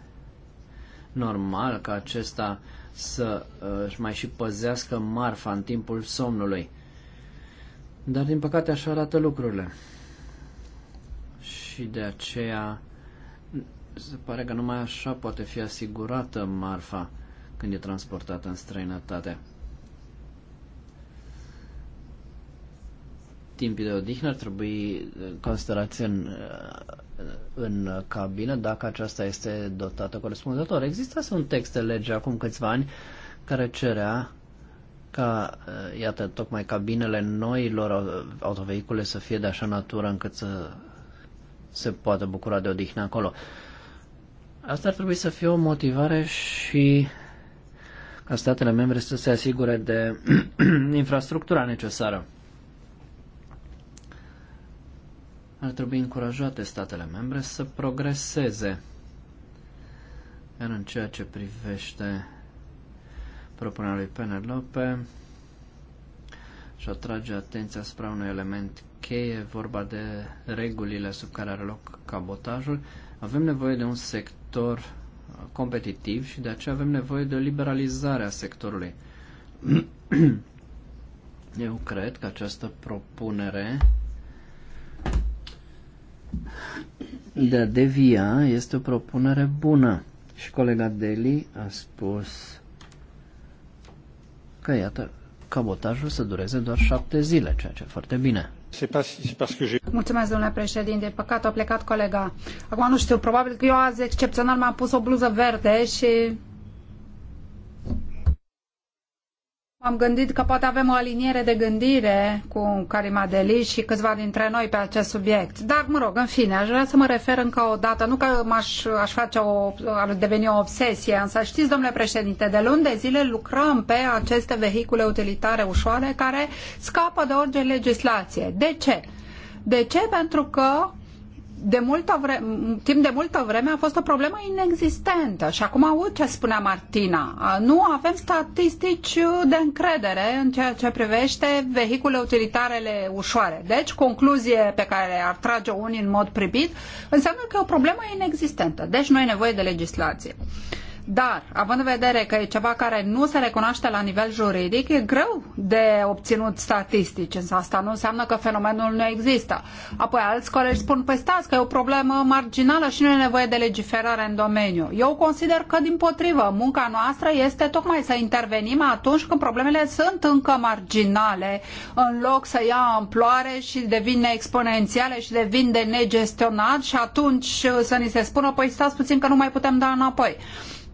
normal ca acesta să uh, își mai și păzească marfa în timpul somnului. Dar din păcate așa arată lucrurile. Și de aceea se pare că numai așa poate fi asigurată marfa când e transportată în străinătate. Timpii de odihnă ar trebui considerați în, în cabină dacă aceasta este dotată corespunzător. Există un text de lege acum câțiva ani care cerea ca, eh, iată, tocmai cabinele noilor autovehicule să fie de așa natură încât să se poată bucura de odihnă acolo. Asta ar trebui să fie o motivare și ca statele membre să se asigure de <clears throat> infrastructura necesară. Ar trebui încurajate statele membre să progreseze iar în ceea ce privește propunerea lui Penelope și atrage atenția asupra unui element cheie, vorba de regulile sub care are loc cabotajul. Avem nevoie de un sector competitiv și de aceea avem nevoie de o liberalizare a sectorului. <clears throat> Eu cred că această propunere de a devia este o propunere bună. Și colega Deli a spus că, iată, cabotajul să dureze doar șapte zile, ceea ce e foarte bine. Mulțumesc, domnule președinte. Păcat, a plecat colega. Acum nu știu, probabil că eu azi excepțional m-am pus o bluză verde și Am gândit că poate avem o aliniere de gândire cu Karima Deli și câțiva dintre noi pe acest subiect. Dar, mă rog, în fine, aș vrea să mă refer încă o dată, nu că m-aș, aș face o, ar deveni o obsesie, însă știți, domnule președinte, de luni de zile lucrăm pe aceste vehicule utilitare ușoare care scapă de orice legislație. De ce? De ce? Pentru că de multă vreme, timp de multă vreme a fost o problemă inexistentă și acum aud ce spunea Martina. Nu avem statistici uh, de încredere în ceea ce privește vehicule utilitarele ușoare. Deci, concluzie pe care ar trage unii în mod privit, înseamnă că e o problemă inexistentă. Deci nu e nevoie de legislație. Uh, dar, având în vedere că e ceva care nu se recunoaște la nivel juridic, e greu de obținut statistici, însă asta nu înseamnă că fenomenul nu există. Apoi alți colegi spun, păi stați că e o problemă marginală și nu e nevoie de legiferare în domeniu. Eu consider că, din potrivă, munca noastră este tocmai să intervenim atunci când problemele sunt încă marginale, în loc să ia amploare și devin exponențiale și devin de negestionat și atunci să ni se spună, păi stați puțin că nu mai putem da înapoi.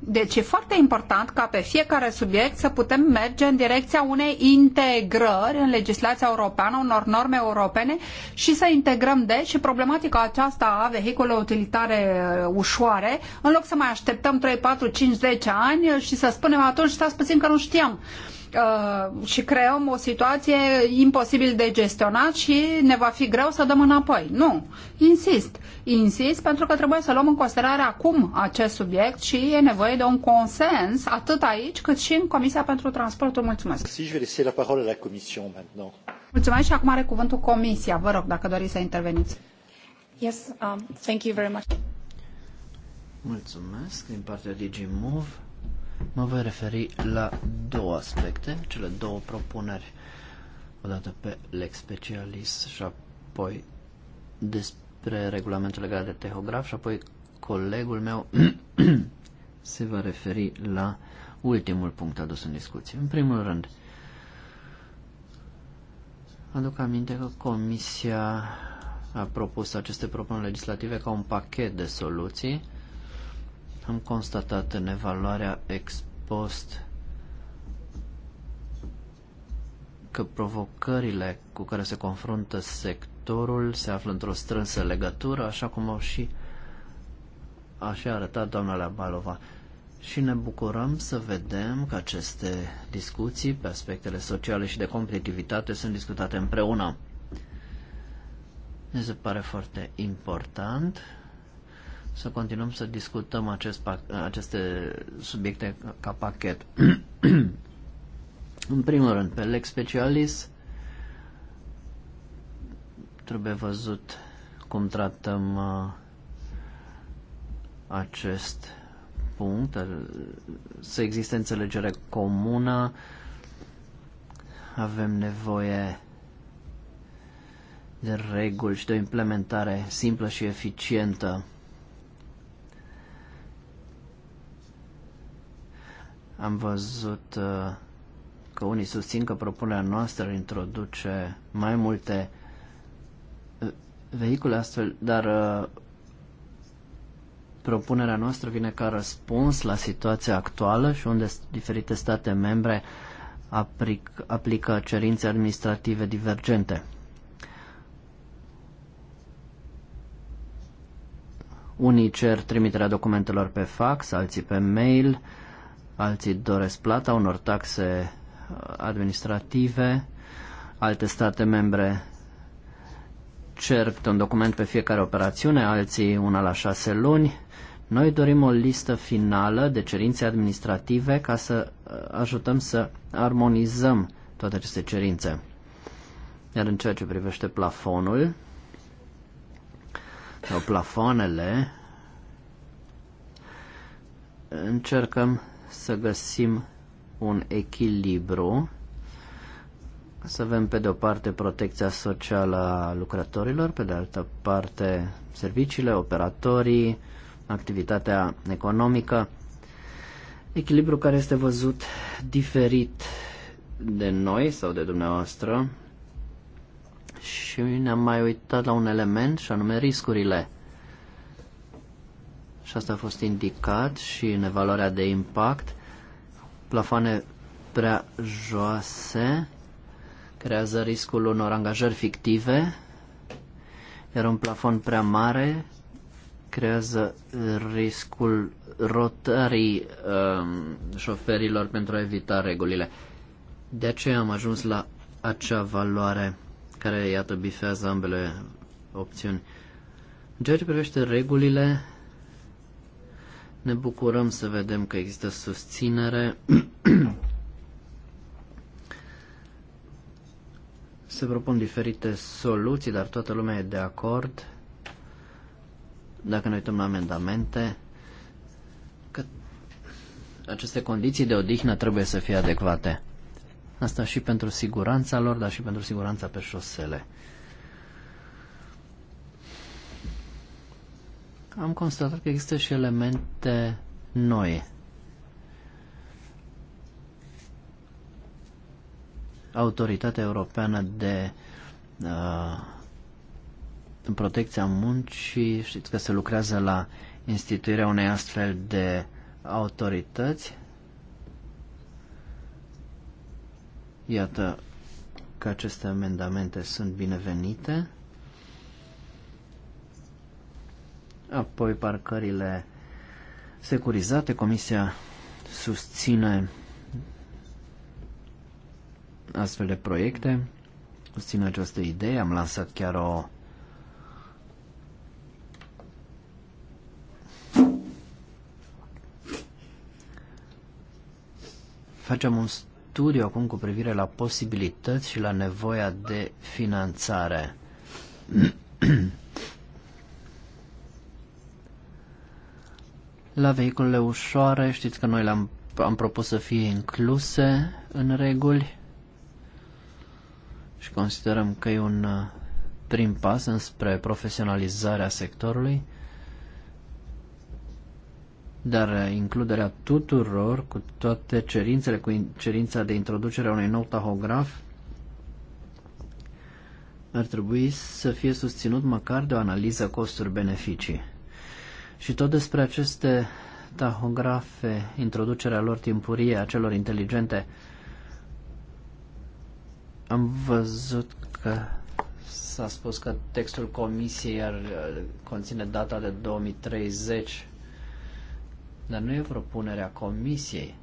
Deci e foarte important ca pe fiecare subiect să putem merge în direcția unei integrări în legislația europeană, unor norme europene și să integrăm deci și problematica aceasta a vehiculelor utilitare uh, ușoare, în loc să mai așteptăm 3, 4, 5, 10 ani și să spunem atunci, stați puțin că nu știam. Uh, și creăm o situație imposibil de gestionat și ne va fi greu să dăm înapoi. Nu, insist. Insist pentru că trebuie să luăm în considerare acum acest subiect și e nevoie de un consens atât aici cât și în Comisia pentru Transportul. Mulțumesc. Mulțumesc și acum are cuvântul Comisia. Vă rog, dacă doriți să interveniți. Yes, um, thank you very much. Mulțumesc din partea move. Mă voi referi la două aspecte, cele două propuneri, odată pe lex specialis și apoi despre regulamentul legat de tehograf și apoi colegul meu <clears throat> se va referi la ultimul punct adus în discuție. În primul rând, aduc aminte că Comisia a propus aceste propuneri legislative ca un pachet de soluții am constatat în evaluarea ex post că provocările cu care se confruntă sectorul se află într-o strânsă legătură, așa cum au și așa arătat doamna Leabalova. Și ne bucurăm să vedem că aceste discuții pe aspectele sociale și de competitivitate sunt discutate împreună. Ne se pare foarte important să continuăm să discutăm acest, aceste subiecte ca pachet. <clears throat> În primul rând, pe Lex Specialis trebuie văzut cum tratăm uh, acest punct, să existe înțelegere comună, avem nevoie de reguli și de o implementare simplă și eficientă Am văzut uh, că unii susțin că propunerea noastră introduce mai multe uh, vehicule astfel, dar uh, propunerea noastră vine ca răspuns la situația actuală și unde diferite state membre aplică cerințe administrative divergente. Unii cer trimiterea documentelor pe fax, alții pe mail, alții doresc plata unor taxe uh, administrative, alte state membre cer un document pe fiecare operațiune, alții una la șase luni. Noi dorim o listă finală de cerințe administrative ca să uh, ajutăm să armonizăm toate aceste cerințe. Iar în ceea ce privește plafonul, sau plafoanele, încercăm să găsim un echilibru, să avem pe de o parte protecția socială a lucrătorilor, pe de altă parte serviciile, operatorii, activitatea economică, echilibru care este văzut diferit de noi sau de dumneavoastră și ne-am mai uitat la un element și anume riscurile și asta a fost indicat și în evaluarea de impact, plafoane prea joase creează riscul unor angajări fictive, iar un plafon prea mare creează riscul rotării um, șoferilor pentru a evita regulile. De aceea am ajuns la acea valoare care, iată, bifează ambele opțiuni. În ceea ce privește regulile, ne bucurăm să vedem că există susținere. Se propun diferite soluții, dar toată lumea e de acord. Dacă ne uităm la amendamente, că aceste condiții de odihnă trebuie să fie adecvate. Asta și pentru siguranța lor, dar și pentru siguranța pe șosele. am constatat că există și elemente noi. Autoritatea Europeană de uh, Protecția Muncii, știți că se lucrează la instituirea unei astfel de autorități. Iată că aceste amendamente sunt binevenite. Apoi parcările securizate, Comisia susține astfel de proiecte, susține această idee, am lansat chiar o facem un studiu acum cu privire la posibilități și la nevoia de finanțare. <clears throat> La vehiculele ușoare, știți că noi le-am am propus să fie incluse în reguli și considerăm că e un uh, prim pas înspre profesionalizarea sectorului, dar uh, includerea tuturor cu toate cerințele, cu cerința de introducere a unui nou tahograf, ar trebui să fie susținut măcar de o analiză costuri-beneficii. Și tot despre aceste tahografe, introducerea lor timpurie a celor inteligente, am văzut că s-a spus că textul comisiei ar uh, conține data de 2030, dar nu e propunerea comisiei.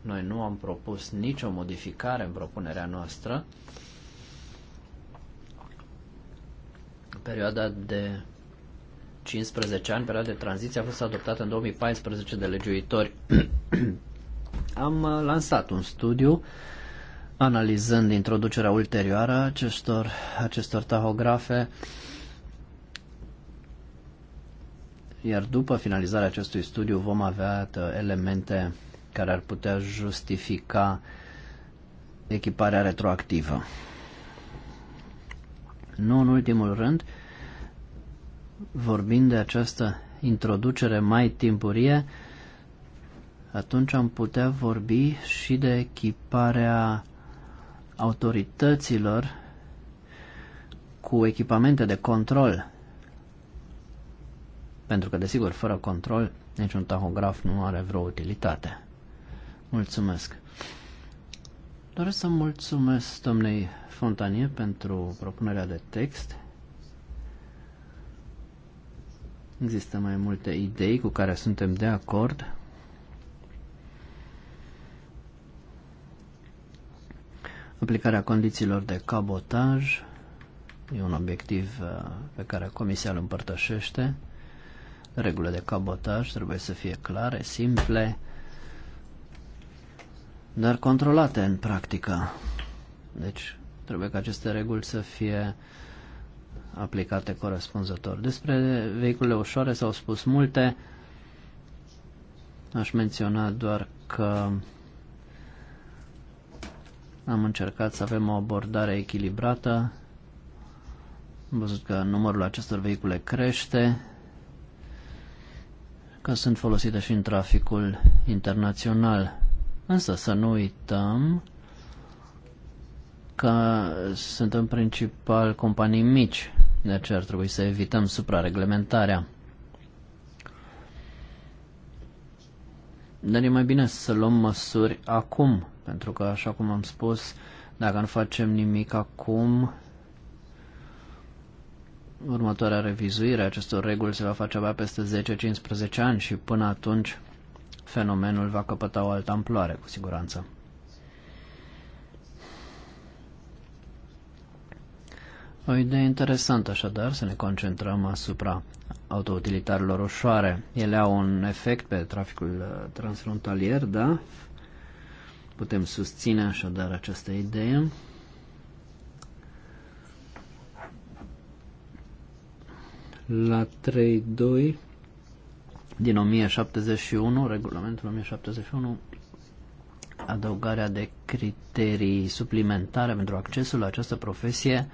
Noi nu am propus nicio modificare în propunerea noastră. Perioada de 15 ani, perioada de tranziție, a fost adoptată în 2014 de legiuitori. <coughs> Am uh, lansat un studiu analizând introducerea ulterioară a acestor, acestor tahografe, iar după finalizarea acestui studiu vom avea uh, elemente care ar putea justifica echiparea retroactivă. Nu în ultimul rând, uh, Vorbind de această introducere mai timpurie, atunci am putea vorbi și de echiparea autorităților cu echipamente de control. Pentru că, desigur, fără control, niciun tahograf nu are vreo utilitate. Mulțumesc. Doresc să mulțumesc domnei Fontanie pentru propunerea de text Există mai multe idei cu care suntem de acord. Aplicarea condițiilor de cabotaj e un obiectiv uh, pe care Comisia îl împărtășește. Regulile de cabotaj trebuie să fie clare, simple, dar controlate în practică. Deci trebuie ca aceste reguli să fie uh, aplicate corespunzător. Despre vehiculele ușoare s-au spus multe. Aș menționa doar că am încercat să avem o abordare echilibrată. Am văzut că numărul acestor vehicule crește, că sunt folosite și în traficul internațional. Însă să nu uităm că sunt în principal companii mici de aceea ar trebui să evităm suprareglementarea. Dar e mai bine să luăm măsuri acum, pentru că, așa cum am spus, dacă nu facem nimic acum, următoarea revizuire a acestor reguli se va face abia peste 10-15 ani și până atunci fenomenul va căpăta o altă amploare, cu siguranță. O idee interesantă așadar să ne concentrăm asupra autoutilitarilor ușoare. Ele au un efect pe traficul uh, transfrontalier, da? Putem susține așadar această idee. La 3.2 din 1071, regulamentul 1071, adăugarea de criterii suplimentare pentru accesul la această profesie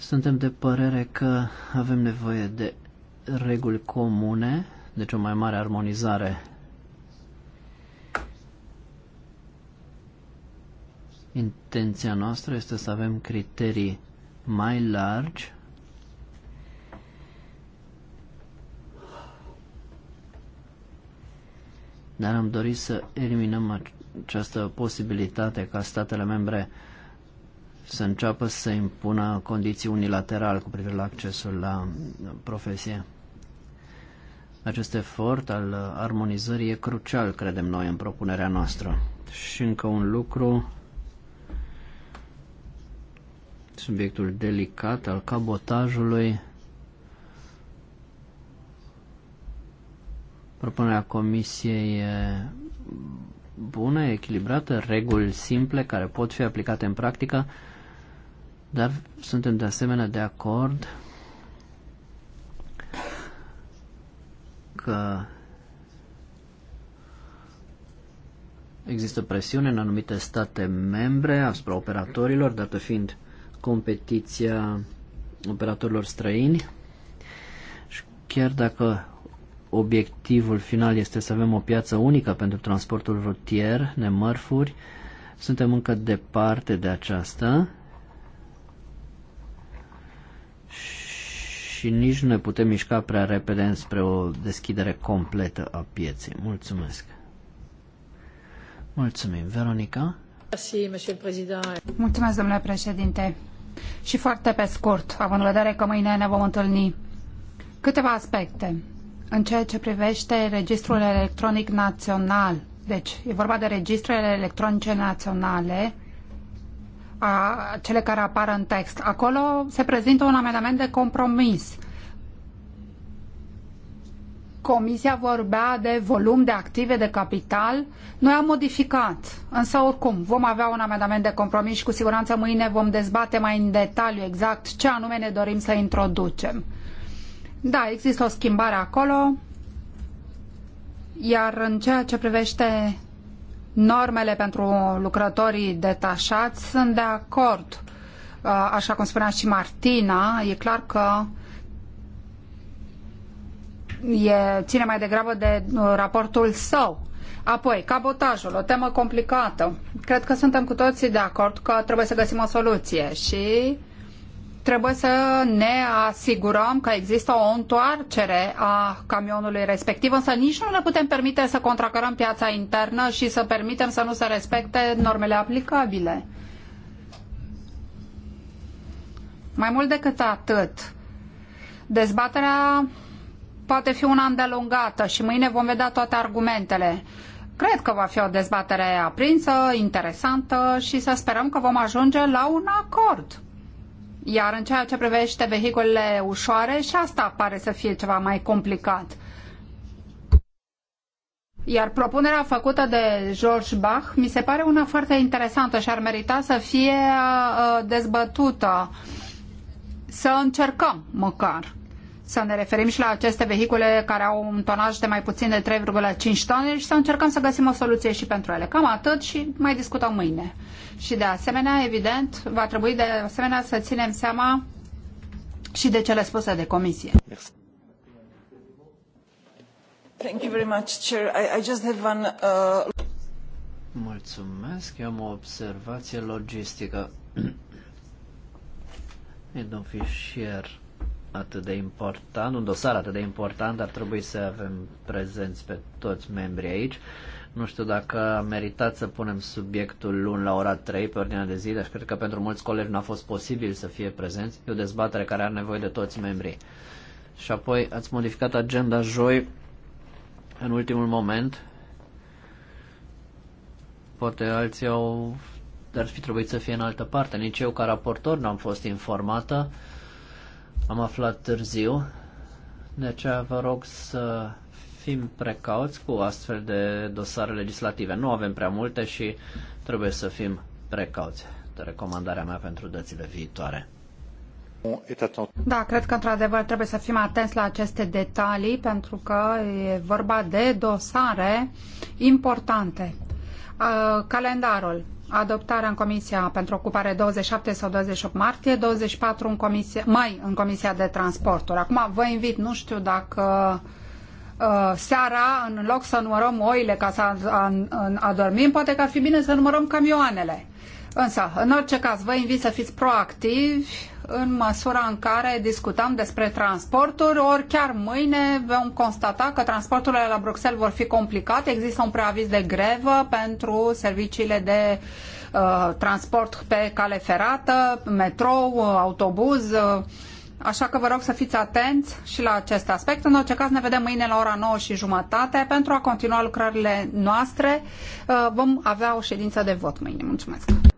suntem de părere că avem nevoie de reguli comune, deci o mai mare armonizare. Intenția noastră este să avem criterii mai largi dar am dorit să eliminăm această posibilitate ca statele membre să înceapă să impună condiții unilaterale cu privire la accesul la profesie. Acest efort al armonizării e crucial, credem noi, în propunerea noastră. Și încă un lucru, subiectul delicat al cabotajului, propunerea comisiei e bună, echilibrată, reguli simple care pot fi aplicate în practică, dar suntem de asemenea de acord că există presiune în anumite state membre asupra operatorilor, dată fiind competiția operatorilor străini și chiar dacă obiectivul final este să avem o piață unică pentru transportul rutier nemărfuri, suntem încă departe de aceasta și nici nu ne putem mișca prea repede înspre o deschidere completă a pieței. Mulțumesc! Mulțumim, Veronica! Mulțumesc, domnule președinte! Și foarte pe scurt, având în vedere că mâine ne vom întâlni câteva aspecte în ceea ce privește registrul electronic național. Deci, e vorba de registrele electronice naționale, a, cele care apar în text. Acolo se prezintă un amendament de compromis. Comisia vorbea de volum de active de capital. Noi am modificat, însă oricum vom avea un amendament de compromis și cu siguranță mâine vom dezbate mai în detaliu exact ce anume ne dorim să introducem. Da, există o schimbare acolo, iar în ceea ce privește normele pentru lucrătorii detașați, sunt de acord. Uh, așa cum spunea și Martina, e clar că e, ține mai degrabă de uh, raportul său. Apoi, cabotajul, o temă complicată. Cred că suntem cu toții de acord că trebuie să găsim o soluție și trebuie să ne asigurăm că există o întoarcere a camionului respectiv, însă nici nu ne putem permite să contracărăm piața internă și să permitem să nu se respecte normele aplicabile. Mai mult decât atât, dezbaterea poate fi una îndelungată și mâine vom vedea toate argumentele. Cred că va fi o dezbatere aprinsă, interesantă și să sperăm că vom ajunge la un acord. Iar în ceea ce privește vehiculele ușoare, și asta pare să fie ceva mai complicat. Iar propunerea făcută de George Bach mi se pare una foarte interesantă și ar merita să fie uh, dezbătută. Să încercăm măcar să ne referim și la aceste vehicule care au un tonaj de mai puțin de 3,5 tone și să încercăm să găsim o soluție și pentru ele. Cam atât și mai discutăm mâine. Și de asemenea, evident, va trebui de asemenea să ținem seama și de cele spuse de comisie. Thank you very much, Chair. I, I just have one, uh... Mulțumesc. Eu am o observație logistică. <clears throat> E domn Fișier atât de important, un dosar atât de important, ar trebui să avem prezenți pe toți membrii aici. Nu știu dacă a meritat să punem subiectul luni la ora 3 pe ordinea de zi, dar deci cred că pentru mulți colegi nu a fost posibil să fie prezenți. E o dezbatere care are nevoie de toți membrii. Și apoi ați modificat agenda joi în ultimul moment. Poate alții au... dar ar fi trebuit să fie în altă parte. Nici eu ca raportor n-am fost informată am aflat târziu. De aceea vă rog să fim precauți cu astfel de dosare legislative. Nu avem prea multe și trebuie să fim precauți. De recomandarea mea pentru dățile viitoare. Da, cred că într-adevăr trebuie să fim atenți la aceste detalii pentru că e vorba de dosare importante. Uh, calendarul adoptarea în Comisia pentru Ocupare 27 sau 28 martie, 24 în comisie, mai în Comisia de Transporturi. Acum vă invit, nu știu dacă uh, seara, în loc să numărăm oile ca să adormim, poate că ar fi bine să numărăm camioanele. Însă, în orice caz, vă invit să fiți proactivi, în măsura în care discutăm despre transporturi, ori chiar mâine vom constata că transporturile la Bruxelles vor fi complicate. Există un preaviz de grevă pentru serviciile de uh, transport pe cale ferată, metrou, uh, autobuz. Uh, așa că vă rog să fiți atenți și la acest aspect. În orice caz ne vedem mâine la ora 9 și jumătate pentru a continua lucrările noastre. Uh, vom avea o ședință de vot mâine. Mulțumesc!